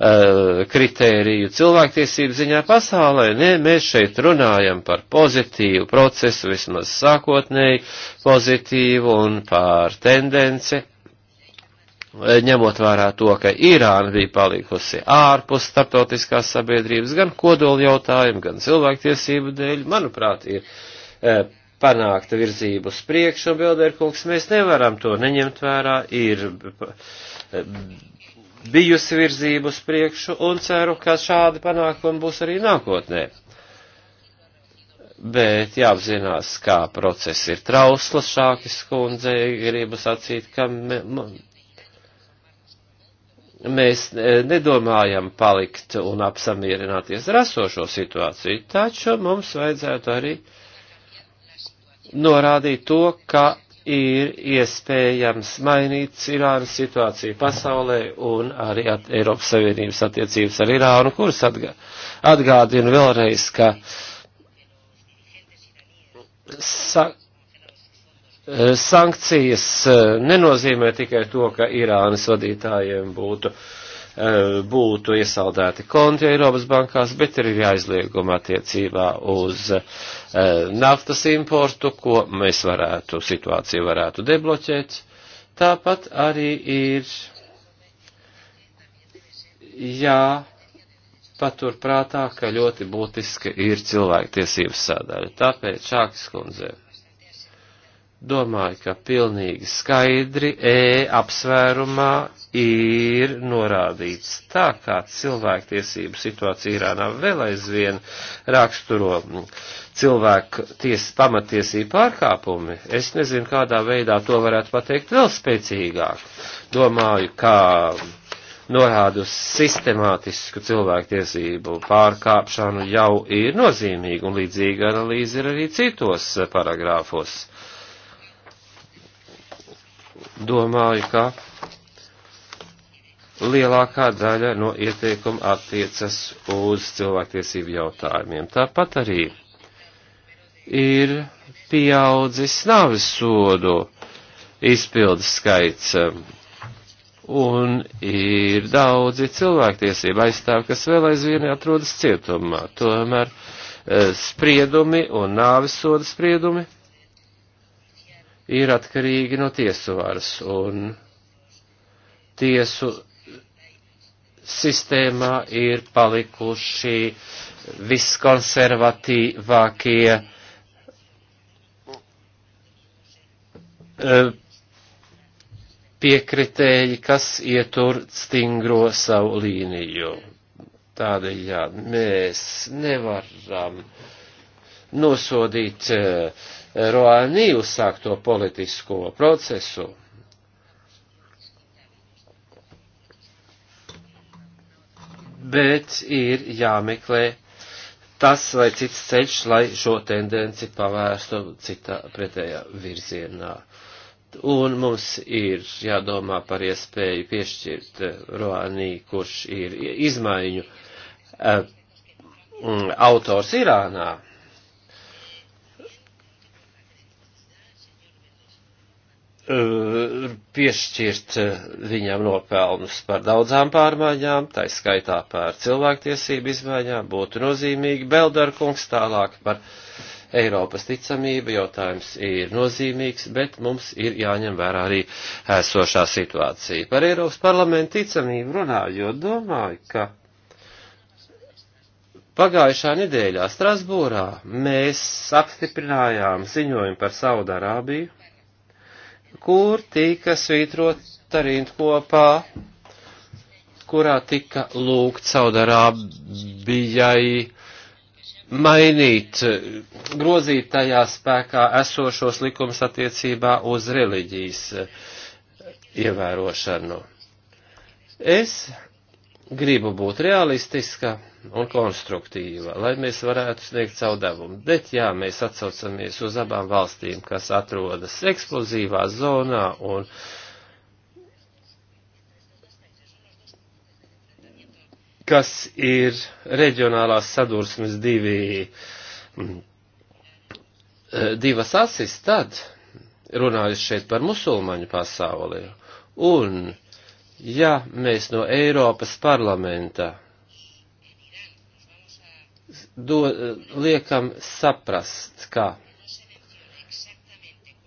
uh, kritēriju cilvēktiesību ziņā pasaulē. Nē, mēs šeit runājam par pozitīvu procesu, vismaz sākotnēji pozitīvu un par tendenci, eh, ņemot vērā to, ka Irāna bija palikusi ārpus starptautiskās sabiedrības gan kodoli jautājumu, gan cilvēktiesību dēļ, manuprāt, ir e, panākta virzība uz priekšu, un, Bilderkungs, mēs nevaram to neņemt vērā, ir e, bijusi virzība uz priekšu un ceru, ka šādi panākumi būs arī nākotnē. Bet jāapzinās, kā process ir trauslas šākas kundze, gribu sacīt, ka me, mēs e, nedomājam palikt un apsamierināties ar esošo situāciju, taču mums vajadzētu arī norādīt to, ka ir iespējams mainīt Irānas situāciju pasaulē un arī at Eiropas Savienības attiecības ar Irānu, kuras atgā atgādina vēlreiz, ka sa eh, sankcijas eh, nenozīmē tikai to, ka Irānas vadītājiem būtu uh, Eh, būtu iesaldēti konti Eiropas bankās, bet ir jāizlieguma attiecībā uz eh, naftas importu, ko mēs varētu, situāciju varētu debloķēt. Tāpat arī ir jā. Paturprātā, ka ļoti būtiska ir cilvēktiesības sadaļa. Tāpēc Čākas kundzei domāju, ka pilnīgi skaidri E apsvērumā ir norādīts tā, kā cilvēktiesību situācija Irānā vēl aizvien raksturo cilvēku ties, pamatiesību pārkāpumi. Es nezinu, kādā veidā to varētu pateikt vēl spēcīgāk. Domāju, kā norāda uz sistemātisku cilvēktiesību pārkāpšanu jau ir nozīmīga, un līdzīga analīze ir arī citos paragrāfos domāju, ka lielākā daļa no ieteikuma attiecas uz cilvēktiesību jautājumiem. Tāpat arī ir pieaudzis nāvis sodu izpildes skaits um, un ir daudzi cilvēktiesība aizstāvi, kas vēl aizvien atrodas cietumā. Tomēr uh, spriedumi un nāvis soda spriedumi ir atkarīgi no tiesu varas un tiesu sistēmā ir palikuši viskonservatīvākie e, piekritēji, kas ietur stingro savu līniju. Tādēļ, jā, mēs nevaram nosodīt uh, Roānī uzsākto politisko procesu. Bet ir jāmeklē tas vai cits ceļš, lai šo tendenci pavērstu citā pretējā virzienā. Un mums ir jādomā par iespēju piešķirt eh, Roānī, kurš ir izmaiņu eh, autors Irānā Eh, piešķirt eh, viņam nopelnus par daudzām pārmaiņām, tā skaitā par cilvēktiesību izmaiņām, būtu nozīmīgi. Beldarkungs tālāk par Eiropas ticamību jautājums ir nozīmīgs, bet mums ir jāņem vērā arī esošā situācija. Par Eiropas parlamentu ticamību runājot, domāju, ka pagājušā nedēļā Strasbūrā mēs apstiprinājām ziņojumu par Saudarābiju kur tika svītrota rindkopā, kurā tika lūgt Saudarābijai mainīt, grozīt tajā spēkā esošos likums attiecībā uz reliģijas ievērošanu. Es gribu būt realistiska un konstruktīva, lai mēs varētu sniegt savu devumu. Bet jā, mēs atsaucamies uz abām valstīm, kas atrodas eksplozīvā zonā un kas ir reģionālās sadursmes divi, mm, divas asis, tad runājot šeit par musulmaņu pasauli un Ja mēs no Eiropas parlamenta do, liekam saprast, ka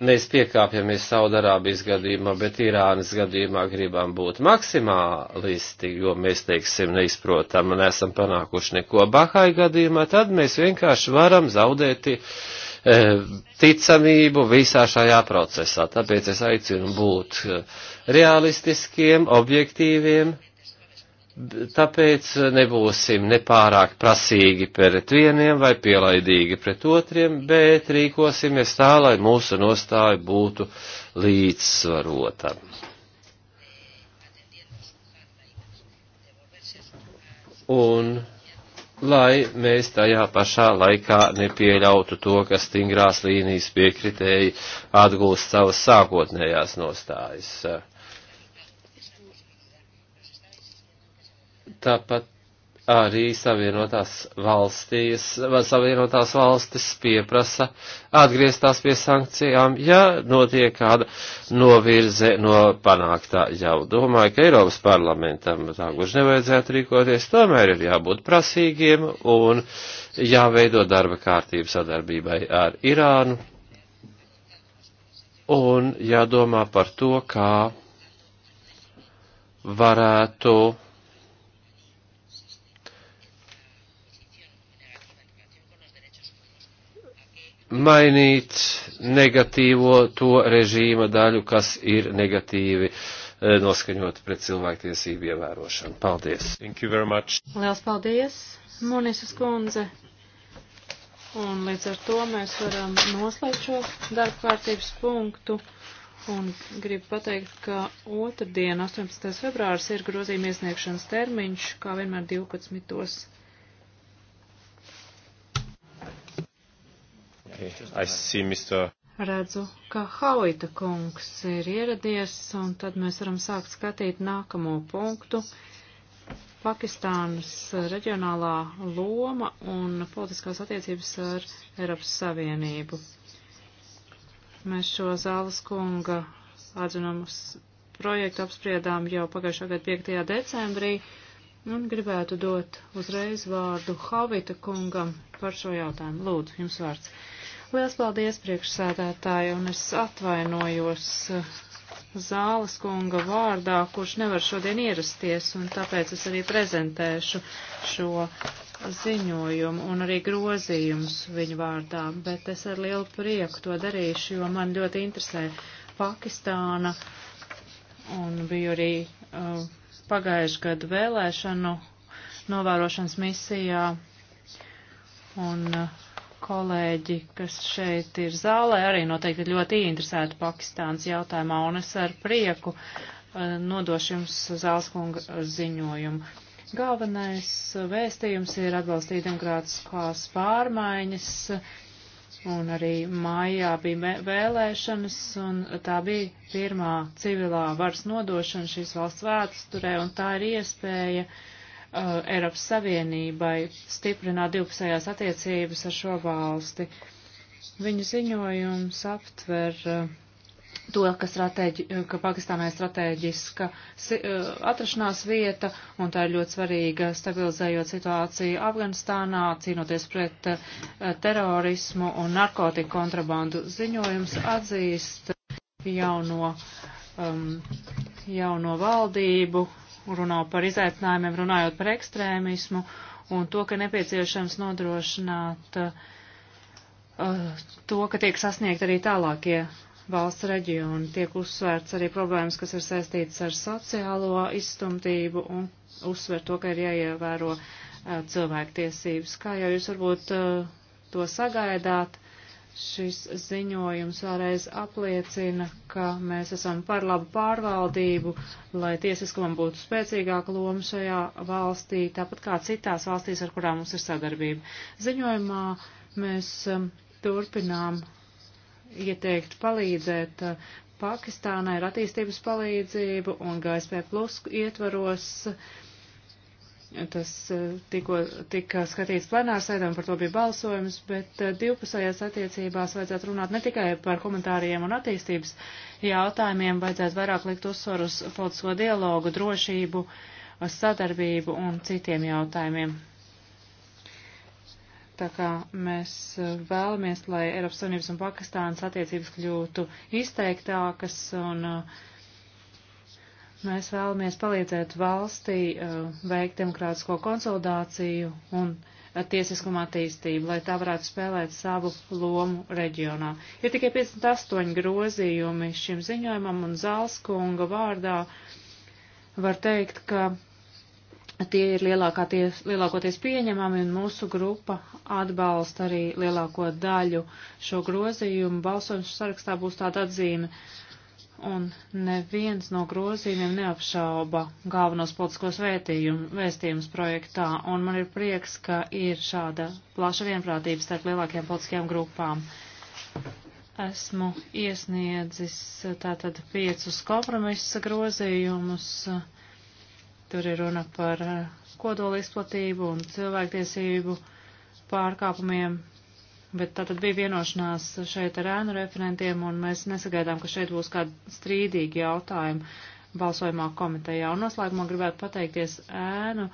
mēs piekāpjamies Saudarābijas gadījumā, bet Irānas gadījumā gribam būt maksimālisti, jo mēs, teiksim, neizprotam un esam panākuši neko Bahai gadījumā, tad mēs vienkārši varam zaudēt E, ticamību visā šajā procesā. Tāpēc es aicinu būt e, realistiskiem, objektīviem, tāpēc nebūsim nepārāk prasīgi pret vieniem vai pielaidīgi pret otriem, bet rīkosimies tā, lai mūsu nostāja būtu līdzsvarota. Un lai mēs tajā pašā laikā nepieļautu to, ka stingrās līnijas piekritēji atgūst savas sākotnējās nostājas. Tāpat arī savienotās valstīs, savienotās valstis pieprasa atgrieztās pie sankcijām, ja notiek kāda novirze no panāktā jau. Domāju, ka Eiropas parlamentam tā gluži nevajadzētu rīkoties, tomēr ir jābūt prasīgiem un jāveido darba kārtība sadarbībai ar Irānu un jādomā par to, kā varētu mainīt negatīvo to režīma daļu, kas ir negatīvi e, noskaņot pret cilvēktiesību ievērošanu. Paldies! Thank you very much! Liels paldies, Monisas kundze! Un līdz ar to mēs varam noslēgt šo darba kārtības punktu. Un gribu pateikt, ka otrdien, 18. februārs, ir grozījuma iesniegšanas termiņš, kā vienmēr 12. Okay. I see Mr. Redzu, ka Hauita kungs ir ieradies, un tad mēs varam sākt skatīt nākamo punktu. Pakistānas reģionālā loma un politiskās attiecības ar Eiropas Savienību. Mēs šo zāles kunga atzinumus projektu apspriedām jau pagājušā gada 5. decembrī un gribētu dot uzreiz vārdu Havita kungam par šo jautājumu. Lūdzu, jums vārds. Liels paldies priekšsēdētāji, un es atvainojos eh, zāles kunga vārdā, kurš nevar šodien ierasties, un tāpēc es arī prezentēšu šo ziņojumu un arī grozījumus viņu vārdā, bet es ar lielu prieku to darīšu, jo man ļoti interesē Pakistāna, un biju arī uh, pagājuši gadu vēlēšanu novērošanas misijā, un uh, kolēģi, kas šeit ir zālē, arī noteikti ļoti interesēti Pakistānas jautājumā, un es ar prieku eh, nodošu jums zāles kunga ziņojumu. Galvenais vēstījums ir atbalstīt demokrātiskās pārmaiņas, un arī mājā bija vēlēšanas, un tā bija pirmā civilā varas nodošana šīs valsts vēsturē, un tā ir iespēja uh, uh, Eiropas Savienībai stiprināt divpusējās attiecības ar šo valsti. Viņu ziņojums aptver uh, to, ka, stratēģi, uh, ka Pakistānai stratēģiska uh, atrašanās vieta, un tā ir ļoti svarīga stabilizējot situāciju Afganistānā, cīnoties pret uh, terorismu un narkotiku kontrabandu. Ziņojums atzīst jauno, um, jauno valdību, runā par izaicinājumiem, runājot par ekstrēmismu un to, ka nepieciešams nodrošināt uh, to, ka tiek sasniegt arī tālākie valsts reģioni. Tiek uzsvērts arī problēmas, kas ir saistītas ar sociālo izstumtību un uzsver to, ka ir jāievēro uh, cilvēktiesības. Kā jau jūs varbūt uh, to sagaidāt, Šis ziņojums vēlreiz apliecina, ka mēs esam par labu pārvaldību, lai tiesiskumam būtu spēcīgāka loma šajā valstī, tāpat kā citās valstīs, ar kurām mums ir sadarbība. Ziņojumā mēs um, turpinām ieteikt palīdzēt uh, Pakistānai ar attīstības palīdzību un GSP plus ietvaros uh, Tas eh, tikko tika skatīts plenārsēdē un par to bija balsojums, bet eh, divpusējās attiecībās vajadzētu runāt ne tikai par komentāriem un attīstības jautājumiem, vajadzētu vairāk likt uzsvaru uz politisko dialogu, drošību, sadarbību un citiem jautājumiem. Tā kā mēs eh, vēlamies, lai Eiropas Savienības un Pakistānas attiecības kļūtu izteiktākas un uh, Mēs vēlamies palīdzēt valstī eh, veikt demokrātisko konsolidāciju un eh, tiesiskumu attīstību, lai tā varētu spēlēt savu lomu reģionā. Ir tikai 58 grozījumi šim ziņojumam un Zālskunga vārdā var teikt, ka tie ir ties, lielākoties pieņemami un mūsu grupa atbalsta arī lielāko daļu šo grozījumu. Balsošanas sarakstā būs tāda atzīme. Uh, un neviens no grozījumiem neapšauba galvenos politiskos vēstījumus projektā, un man ir prieks, ka ir šāda plaša vienprātība starp lielākajām politiskajām grupām. Esmu iesniedzis tātad piecus kompromisa grozījumus. Tur ir runa par kodoli izplatību un cilvēktiesību pārkāpumiem, Bet tā tad bija vienošanās šeit ar ēnu referentiem, un mēs nesagaidām, ka šeit būs kādi strīdīgi jautājumi balsojumā komitejā. Un noslēgumā gribētu pateikties ēnu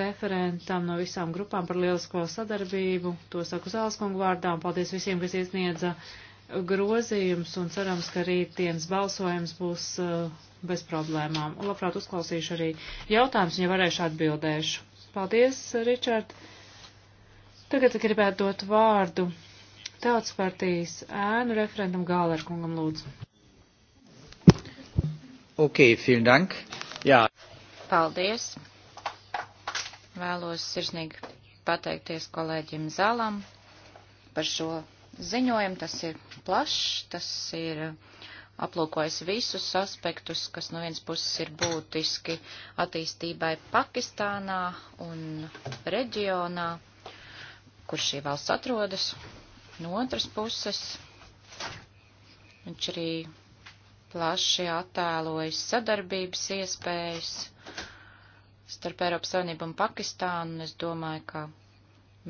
referentam no visām grupām par lielisko sadarbību. To saku Zāleskungu vārdām. Paldies visiem, kas iesniedza grozījums, un cerams, ka rītdienas balsojums būs uh, bez problēmām. Un labprāt uzklausīšu arī jautājumus, ja varēšu atbildēšu. Paldies, Ričard! Tagad gribētu dot vārdu Tautas partijas ēnu referentam Gālerkungam lūdzu. Ok, vielen dank. Jā. Paldies. Vēlos sirsnīgi pateikties kolēģim Zalam par šo ziņojumu. Tas ir plašs, tas ir aplūkojis visus aspektus, kas no vienas puses ir būtiski attīstībai Pakistānā un reģionā kur šī valsts atrodas. No otras puses, viņš arī plaši attēlojas sadarbības iespējas starp Eiropas Savienību un Pakistānu, un es domāju, ka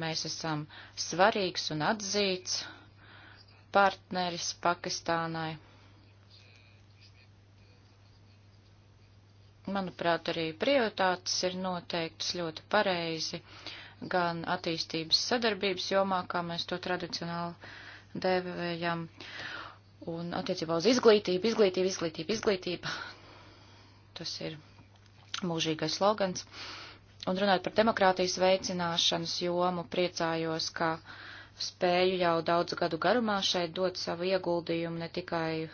mēs esam svarīgs un atzīts partneris Pakistānai. Manuprāt, arī prioritātes ir noteiktas ļoti pareizi. Uh, gan attīstības sadarbības jomā, kā mēs to tradicionāli devējam, un attiecībā uz izglītību, izglītību, izglītību, izglītību. Tas ir mūžīgais slogans. Un runājot par demokrātijas veicināšanas jomu, priecājos, ka spēju jau daudzu gadu garumā šeit dot savu ieguldījumu ne tikai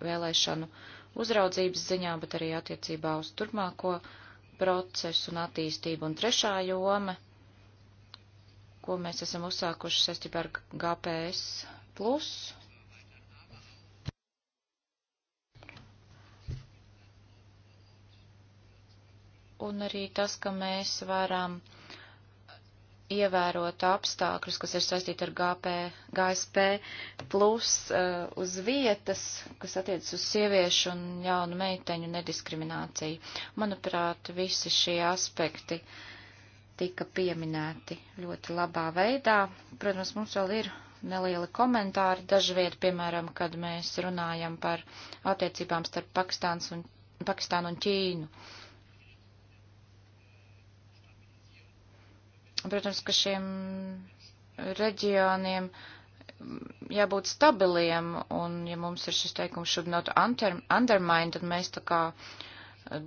vēlēšanu uzraudzības ziņā, bet arī attiecībā uz turpmāko procesu un attīstību. Un trešā joma ko mēs esam uzsākuši saistībā ar GPS. Plus. Un arī tas, ka mēs varam ievērot apstākļus, kas ir saistīti ar GP, GSP, plus uh, uz vietas, kas attiecas uz sieviešu un jaunu meiteņu nediskrimināciju. Manuprāt, visi šie aspekti uh, tika pieminēti ļoti labā veidā. Protams, mums vēl ir nelieli komentāri dažviet, piemēram, kad mēs runājam par attiecībām starp Pakistāns un, Pakistānu un Ķīnu. Protams, ka šiem reģioniem jābūt stabiliem, un ja mums ir šis teikums should not undermine, tad mēs tā kā eh,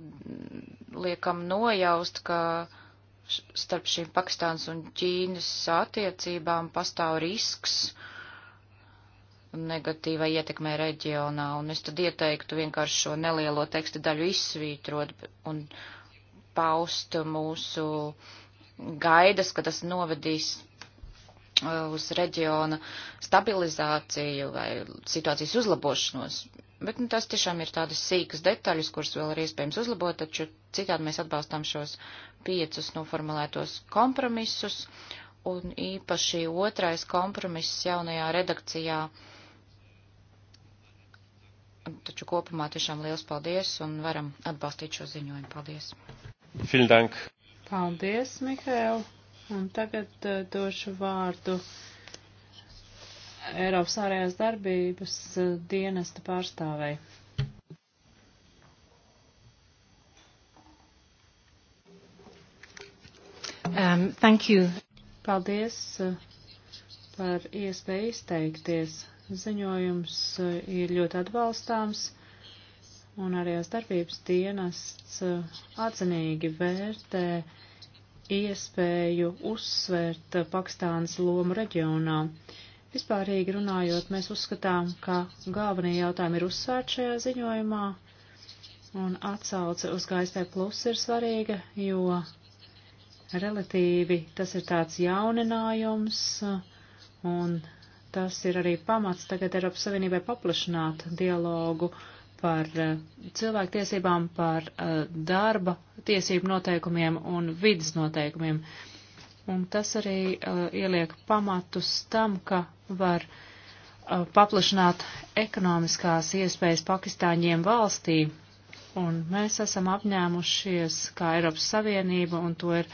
liekam nojaust, ka uh, starp šīm Pakistānas un Ķīnas attiecībām pastāv risks negatīvai ietekmē reģionā, un es tad ieteiktu vienkārši šo nelielo teksta daļu izsvītrot un paust mūsu gaidas, ka tas novedīs uh, uz reģiona stabilizāciju vai situācijas uzlabošanos. Bet nu, tas tiešām ir tādas sīkas detaļas, kuras vēl ir iespējams uzlabot, taču citādi mēs atbalstām šos piecus noformulētos kompromisus, un īpaši otrais kompromiss jaunajā redakcijā. Taču kopumā tiešām liels paldies un varam atbalstīt šo ziņojumu. Paldies! Vielen Dank! Paldies, Mihēl! Un tagad uh, došu vārdu Eiropas ārējās darbības eh, dienesta pārstāvei. Um, thank you. Paldies eh, par iespēju izteikties. Ziņojums eh, ir ļoti atbalstāms un arī darbības dienests atzinīgi vērtē iespēju uzsvērt Pakistānas lomu reģionā. Uh, Vispārīgi runājot, mēs uzskatām, ka galvenie jautājumi ir uzsvērti šajā ziņojumā, un atsauce uz GSP plus ir svarīga, jo relatīvi tas ir tāds jauninājums, un tas ir arī pamats tagad Eiropas Savienībai paplašināt dialogu par eh, cilvēktiesībām, par eh, darba tiesību noteikumiem un vidas noteikumiem. Un tas arī uh, ieliek pamatus tam, ka var uh, paplašināt ekonomiskās iespējas pakistāņiem valstī. Un mēs esam apņēmušies, kā Eiropas Savienība, un to, ir,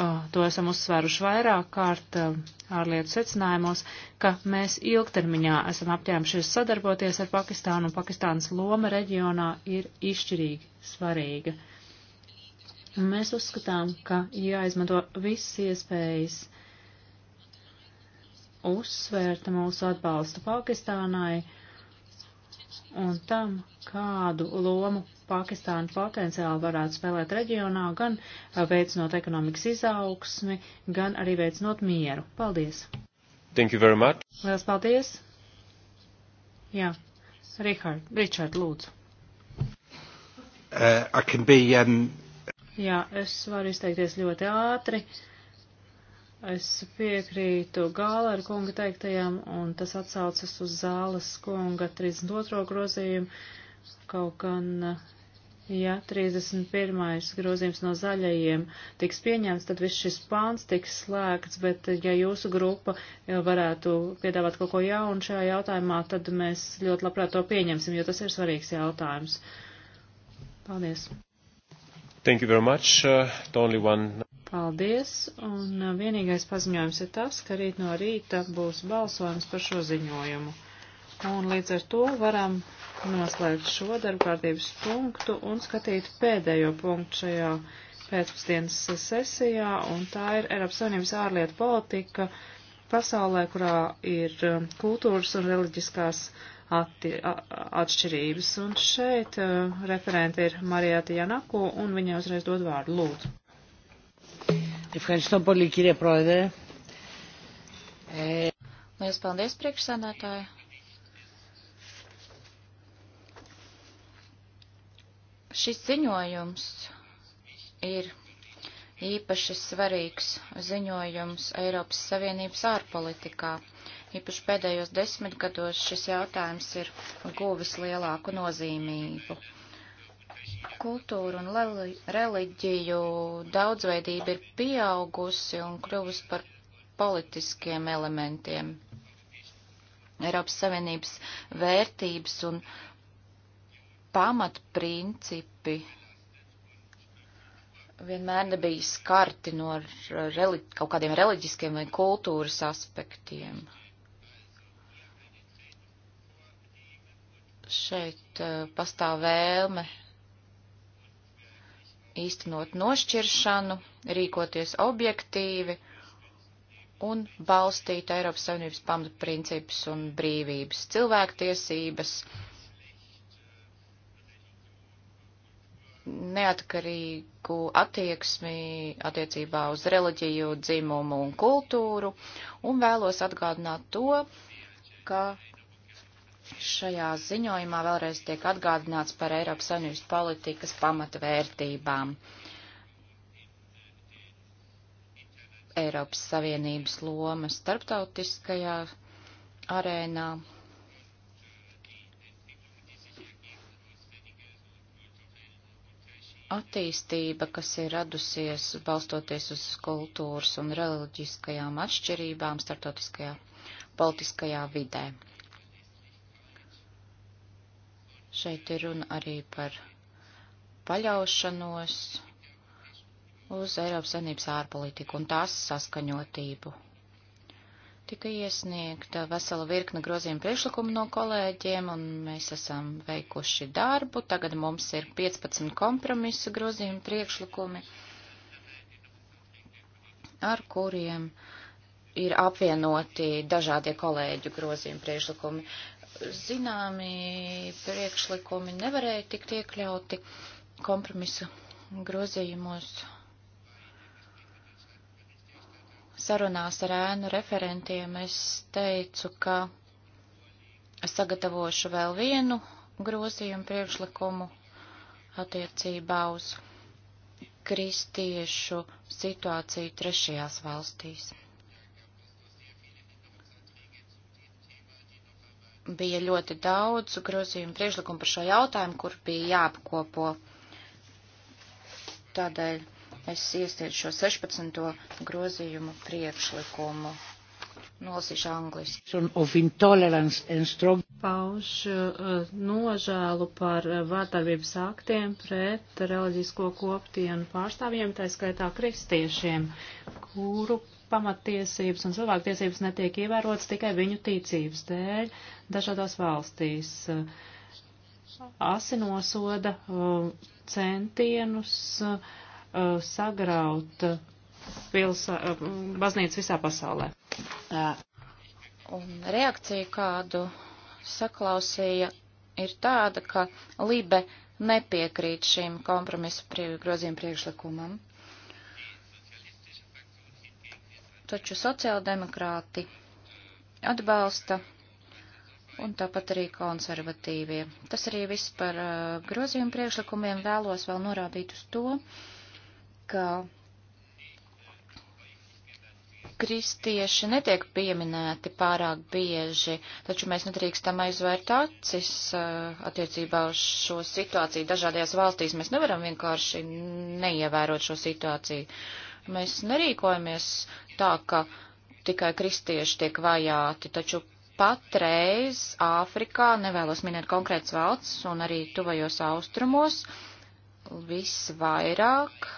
uh, to esam uzsvēruši vairāk kārt uh, ārlietu secinājumos, ka mēs ilgtermiņā esam apņēmušies sadarboties ar Pakistānu, un Pakistānas loma reģionā ir izšķirīgi svarīga. Un mēs uzskatām, ka jāizmanto visas iespējas, uzsvērt mūsu atbalstu Pakistānai un tam, kādu lomu Pakistāna potenciāli varētu spēlēt reģionā, gan veicinot ekonomikas izaugsmi, gan arī veicinot mieru. Paldies! Thank you very much! Lielas paldies! Jā, Richard, Richard lūdzu. Uh, I can be, um... Jā, es varu izteikties ļoti ātri. Uh, Es piekrītu Gālera kunga teiktajam, un tas atsaucas uz Zāles kunga 32. grozījumu, kaut gan, ja 31. grozījums no zaļajiem tiks pieņemts, tad viss šis pāns tiks slēgts, bet ja jūsu grupa varētu piedāvāt kaut ko jaunu šajā jautājumā, tad mēs ļoti labprāt to pieņemsim, jo tas ir svarīgs jautājums. Paldies. Thank you very much. Uh, only one. Paldies, un vienīgais paziņojums ir tas, ka rīt no rīta būs balsojums par šo ziņojumu. Un līdz ar to varam noslēgt šo darbkārtības punktu un skatīt pēdējo punktu šajā pēcpusdienas sesijā, un tā ir Eiropas Savienības ārlietu politika pasaulē, kurā ir um, kultūras un reliģiskās atti, atšķirības. Un šeit uh, referente ir Marijāta Janaku, un viņa uzreiz dod vārdu lūdzu. Ευχαριστώ πολύ, κύριε Πρόεδρε. Ε... Lielas paldies, priekšsēdētāji. Šis ziņojums ir īpaši svarīgs ziņojums Eiropas Savienības ārpolitikā. Īpaši pēdējos desmit gados šis jautājums ir guvis lielāku nozīmību kultūru un reliģiju daudzveidība ir pieaugusi un kļuvusi par politiskiem elementiem. Eiropas Savienības vērtības un pamatprincipi vienmēr nebija skarti no reli kaut kādiem reliģiskiem vai kultūras aspektiem. Šeit uh, pastāv vēlme īstenot nošķiršanu, rīkoties objektīvi un balstīt Eiropas Savienības pamatprincipus un brīvības, cilvēktiesības, neatkarīgu attieksmi attiecībā uz reliģiju, dzimumu un kultūru, un vēlos atgādināt to, ka Šajā ziņojumā vēlreiz tiek atgādināts par Eiropas Savienības politikas pamatvērtībām. Eiropas Savienības loma starptautiskajā arēnā. Attīstība, kas ir radusies balstoties uz kultūras un reliģiskajām atšķirībām starptautiskajā politiskajā vidē. Šeit ir runa arī par paļaušanos uz Eiropas Savienības ārpolitiku un tās saskaņotību. Tika iesniegta vesela virkne grozījuma priekšlikumu no kolēģiem, un mēs esam veikuši darbu. Tagad mums ir 15 kompromisa grozījuma priekšlikumi, ar kuriem ir apvienoti dažādie kolēģu grozījuma priekšlikumi zināmi priekšlikumi nevarēja tikt iekļauti kompromisa grozījumos sarunās ar ēnu referentiem. Es teicu, ka sagatavošu vēl vienu grozījumu priekšlikumu attiecībā uz kristiešu situāciju trešajās valstīs. bija ļoti daudz grozījumu priekšlikumu par šo jautājumu, kur bija jāapkopo. Tādēļ es iestiedzu šo 16. grozījumu priekšlikumu. Nolasīšu angliski. Pauž eh, nožēlu par eh, vārdarbības aktiem pret reliģisko koptienu pārstāvjiem, tā skaitā kristiešiem, kuru pamattiesības un cilvēktiesības netiek ievērotas tikai viņu ticības dēļ dažādās valstīs. Asinosoda um, centienus uh, sagraut uh, pilsā, uh, baznīca visā pasaulē. Un reakcija, kādu saklausīja, ir tāda, ka Libe nepiekrīt šim kompromisu grozījumu priekšlikumam. taču sociāldemokrāti atbalsta un tāpat arī konservatīvie. Tas arī viss par uh, grozījumu priekšlikumiem vēlos vēl norādīt uz to, ka kristieši netiek pieminēti pārāk bieži, taču mēs nedrīkstam aizvērt acis uh, attiecībā uz šo situāciju. Dažādajās valstīs mēs nevaram vienkārši neievērot šo situāciju. Mēs nerīkojamies tā, ka tikai kristieši tiek vajāti, taču patreiz Āfrikā, nevēlos minēt konkrēts valsts un arī tuvajos austrumos, visvairāk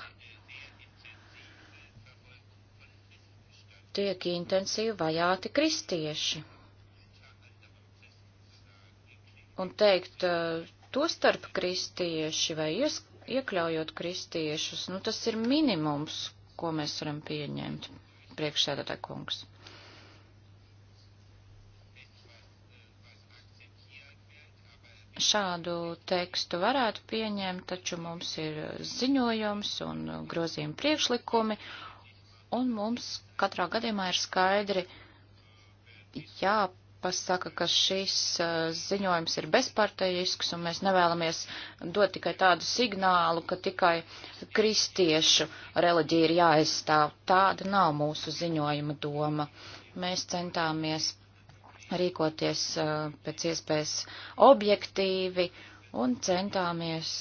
tiek intensīvi vajāti kristieši. Un teikt, eh, to starp kristieši vai ies, iekļaujot kristiešus, nu tas ir minimums, ko mēs varam pieņemt, priekšsēdētā kungs. Šādu tekstu varētu pieņemt, taču mums ir ziņojums un grozījuma priekšlikumi, un mums katrā gadījumā ir skaidri jāpārādās grupas saka, ka šis uh, ziņojums ir bezpartejisks, un mēs nevēlamies dot tikai tādu signālu, ka tikai kristiešu reliģija ir jāaizstāv. Tāda nav mūsu ziņojuma doma. Mēs centāmies rīkoties uh, pēc iespējas objektīvi un centāmies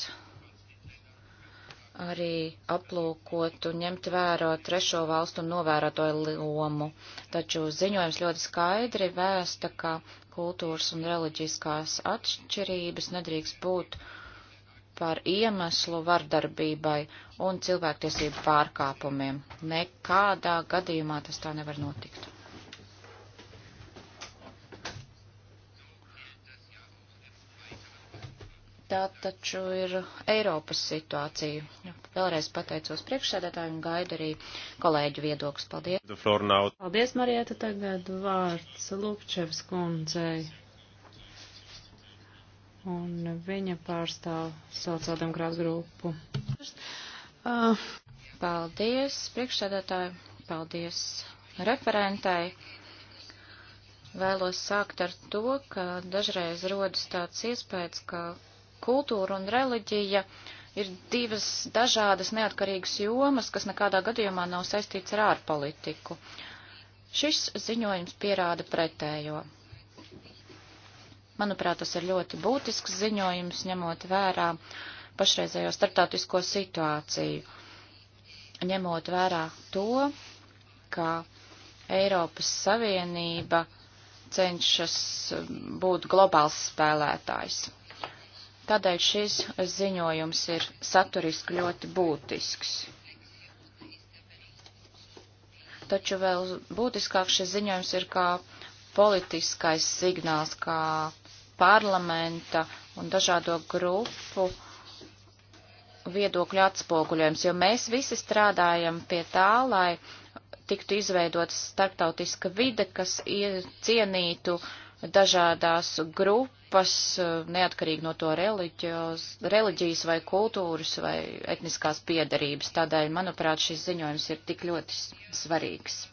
arī aplūkot un ņemt vērā trešo valstu novērotoju lomu, taču ziņojums ļoti skaidri vēsta, ka kultūras un reliģiskās atšķirības nedrīkst būt par iemeslu vardarbībai un cilvēktiesību pārkāpumiem. Nekādā gadījumā tas tā nevar notikt. tā taču ir Eiropas situācija. Vēlreiz pateicos priekšsēdētājiem, gaidu arī kolēģu viedoklis. Paldies. Paldies, Marieta. Tagad vārds Lukčevs kundzei. Un viņa pārstāv sociāldemokrātu grupu. Ah. Paldies, priekšsēdētāji. Paldies referentai. Vēlos sākt ar to, ka dažreiz rodas tāds iespējas, ka kultūra un reliģija ir divas dažādas neatkarīgas jomas, kas nekādā gadījumā nav saistīts ar ārpolitiku. Šis ziņojums pierāda pretējo. Manuprāt, tas ir ļoti būtisks ziņojums, ņemot vērā pašreizējo starptautisko situāciju, ņemot vērā to, ka Eiropas Savienība cenšas būt globāls spēlētājs. Tādēļ šis ziņojums ir saturiski ļoti būtisks. Taču vēl būtiskāk šis ziņojums ir kā politiskais signāls, kā parlamenta un dažādo grupu viedokļu atspoguļojums, jo mēs visi strādājam pie tā, lai tiktu izveidota starptautiska vide, kas cienītu uh, dažādās grupas, eh, neatkarīgi no to reliģijos, reliģijas vai kultūras vai etniskās piedarības. Tādēļ, manuprāt, šis ziņojums ir tik ļoti svarīgs.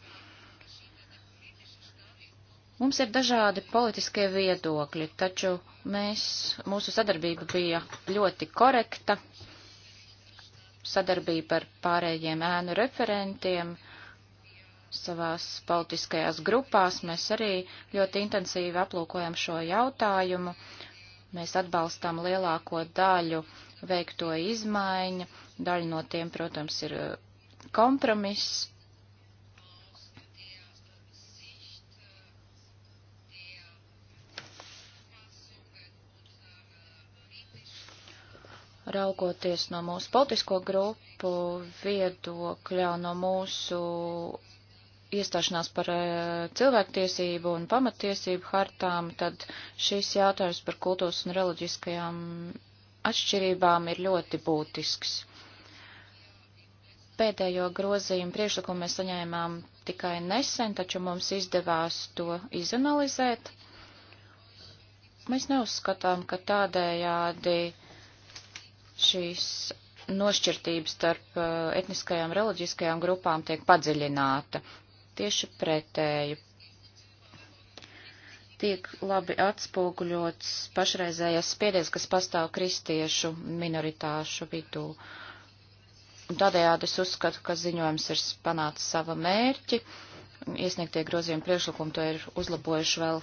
Mums ir dažādi politiskie viedokļi, taču mēs, mūsu sadarbība bija ļoti korekta, sadarbība ar pārējiem ēnu referentiem. Uh, savās politiskajās grupās. Mēs arī ļoti intensīvi aplūkojam šo jautājumu. Mēs atbalstām lielāko daļu veikto izmaiņu. Daļa no tiem, protams, ir uh, kompromiss. Raugoties no mūsu politisko grupu viedokļa, no mūsu iestāšanās par eh, cilvēktiesību un pamatiesību hartām, tad šis jautājums par kultūras un reliģiskajām atšķirībām ir ļoti būtisks. Pēdējo grozījumu priekšlikumu mēs saņēmām tikai nesen, taču mums izdevās to izanalizēt. Mēs neuzskatām, ka tādējādi šīs nošķirtības starp eh, etniskajām reliģiskajām grupām tiek padziļināta. Tieši pretēji tiek labi atspoguļots pašreizējais spiediens, kas pastāv kristiešu minoritāšu vidū. Un tādējādi es uzskatu, ka ziņojums ir panācis sava mērķi. Iesniegtie grozījumi priekšlikumi to ir uzlabojuši vēl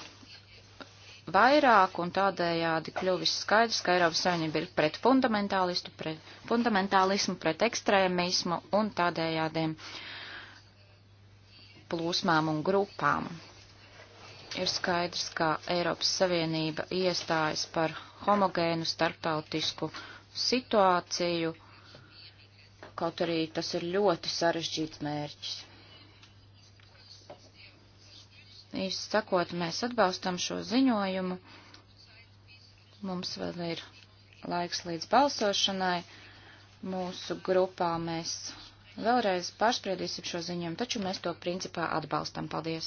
vairāk un tādējādi kļuvis skaidrs, ka Eiropas Savienība ir pret fundamentālistu, pret fundamentālismu, pret ekstrēmismu un tādējādiem uh, plūsmām un grupām. Ir skaidrs, ka Eiropas Savienība iestājas par homogēnu starptautisku situāciju, kaut arī tas ir ļoti sarežģīts mērķis. Īsti sakot, mēs atbalstam šo ziņojumu. Mums vēl ir laiks līdz balsošanai. Mūsu grupā mēs Vēlreiz pārspriedīsim šo ziņojumu, taču mēs to principā atbalstam. Paldies!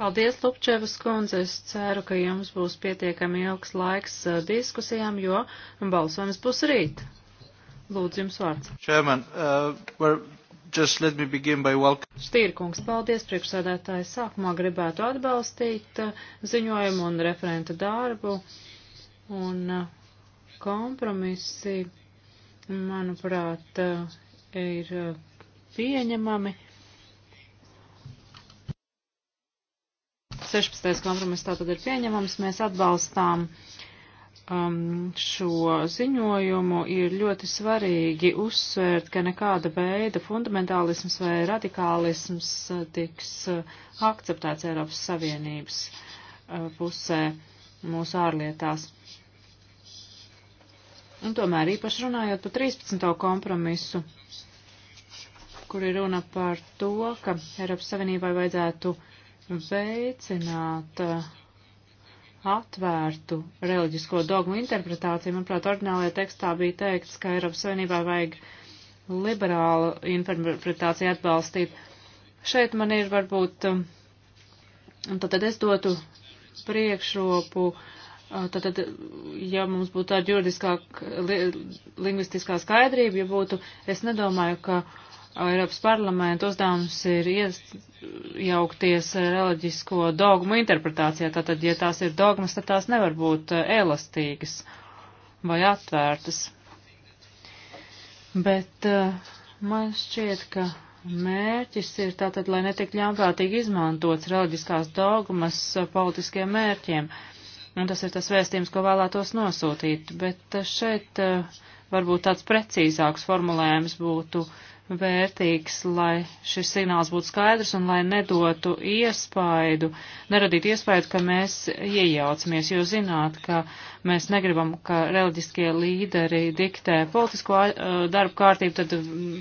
Paldies, Lupčevas kundze! Es ceru, ka jums būs pietiekami ilgs laiks uh, diskusijām, jo balsojums būs rīt. Lūdzu, jums vārds. Chairman, uh, Just let me begin by welcome. Štīrkungs, paldies priekšsēdētāji. Sākumā gribētu atbalstīt uh, ziņojumu un referenta darbu un uh, kompromisi, manuprāt, ir eh, pieņemami. 16. kompromiss tātad ir pieņemams. Mēs atbalstām um, šo ziņojumu. Ir ļoti svarīgi uzsvērt, ka nekāda veida fundamentālisms vai radikālisms eh, tiks eh, akceptēts Eiropas Savienības uh, pusē mūsu ārlietās. Un tomēr īpaši runājot par 13. kompromisu kur ir runa par to, ka Eiropas Savienībai vajadzētu veicināt uh, atvērtu reliģisko dogmu interpretāciju. Manuprāt, orģinālajā tekstā bija teikts, ka Eiropas Savienībā vajag liberālu interpretāciju atbalstīt. Šeit man ir varbūt, um, tad es dotu priekšropu, uh, tad, ja mums būtu tāda juridiskā, li, lingvistiskā skaidrība, ja būtu, es nedomāju, ka uh, Eiropas parlamenta uzdevums ir iejaukties reliģisko dogmu interpretācijā. Tātad, ja tās ir dogmas, tad tās nevar būt eh, elastīgas vai atvērtas. Bet eh, man šķiet, ka mērķis ir tātad, lai netiek ļaunprātīgi izmantots reliģiskās dogmas eh, politiskiem mērķiem. Un tas ir tas vēstījums, ko vēlētos nosūtīt. Bet šeit varbūt tāds precīzāks formulējums būtu vērtīgs, lai šis signāls būtu skaidrs un lai nedotu iespaidu, neradītu iespaidu, ka mēs iejaucamies, jo zināt, ka mēs negribam, ka reliģiskie līderi diktē politisko darbu kārtību, tad mm,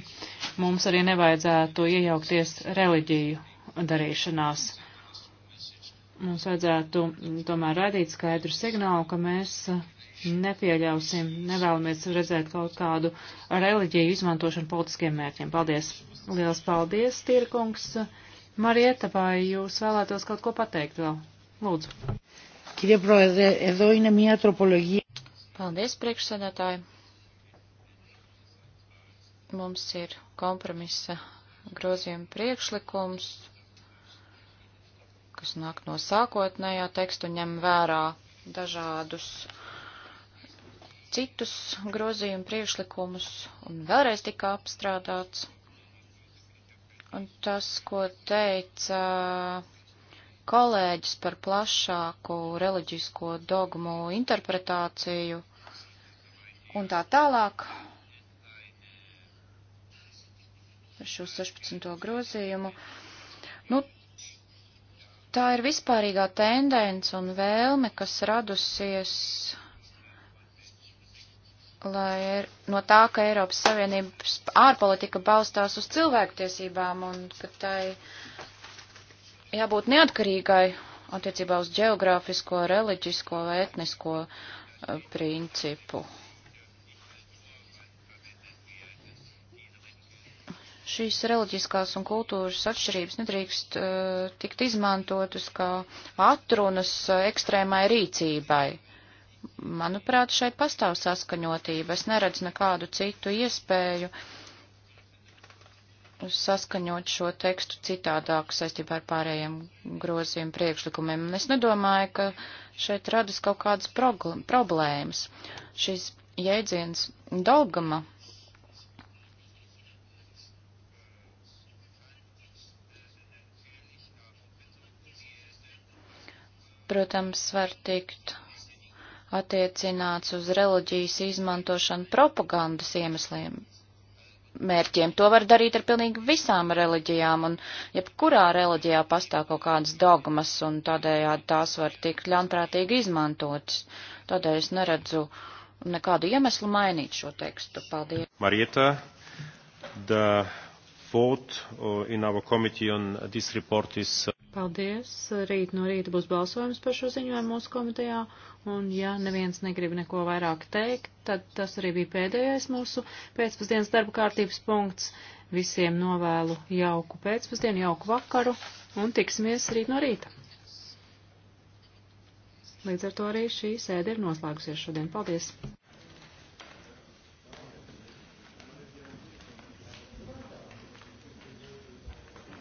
mums arī nevajadzētu iejaukties reliģiju darīšanās. Mums vajadzētu mm, tomēr radīt skaidru signālu, ka mēs nepieļausim, nevēlamies redzēt kaut kādu reliģiju izmantošanu politiskiem mērķiem. Paldies! Liels paldies, Tirkungs! Marieta, vai jūs vēlētos kaut ko pateikt vēl? Lūdzu. Paldies, priekšsēdētāji. Mums ir kompromisa grozījuma priekšlikums, kas nāk no sākotnējā tekstu, ņem vērā dažādus uh, citus grozījumu priekšlikumus un vēlreiz tika apstrādāts. Un tas, ko teica kolēģis par plašāku reliģisko dogmu interpretāciju un tā tālāk, ar šo 16. grozījumu. Nu, tā ir vispārīgā tendence un vēlme, kas radusies lai no tā, ka Eiropas Savienības ārpolitika balstās uz cilvēktiesībām un ka tai jābūt neatkarīgai attiecībā uz geogrāfisko, reliģisko vai etnisko eh, principu. Šīs reliģiskās un kultūras atšķirības nedrīkst uh, tikt izmantotas kā atrunas eh, ekstrēmai rīcībai. Uh, Manuprāt, šeit pastāv saskaņotība. Es neredzu nekādu citu iespēju saskaņot šo tekstu citādāk saistībā ar pārējiem groziem priekšlikumiem. Un es nedomāju, ka šeit radas kaut kādas problēmas. Šis jēdziens dolgama protams, var tikt attiecināts uz reliģijas izmantošanu propagandas iemesliem, mērķiem. To var darīt ar pilnīgi visām reliģijām, un jebkurā reliģijā pastāv kaut kādas dogmas, un tādējādi tās var tikt ļaunprātīgi izmantotas. Tādēļ es neredzu nekādu iemeslu mainīt šo tekstu. Paldies. Marieta, the vote uh, in our committee on this report is. Uh, Paldies. Rīt no rīta būs balsojums par šo ziņojumu mūsu komitejā, Un ja neviens negrib neko vairāk teikt, tad tas arī bija pēdējais mūsu pēcpusdienas darba kārtības punkts. Visiem novēlu jauku pēcpusdienu, jauku vakaru un tiksimies rīt no rīta. Līdz ar to arī šī sēde ir noslēgusies šodien. Paldies!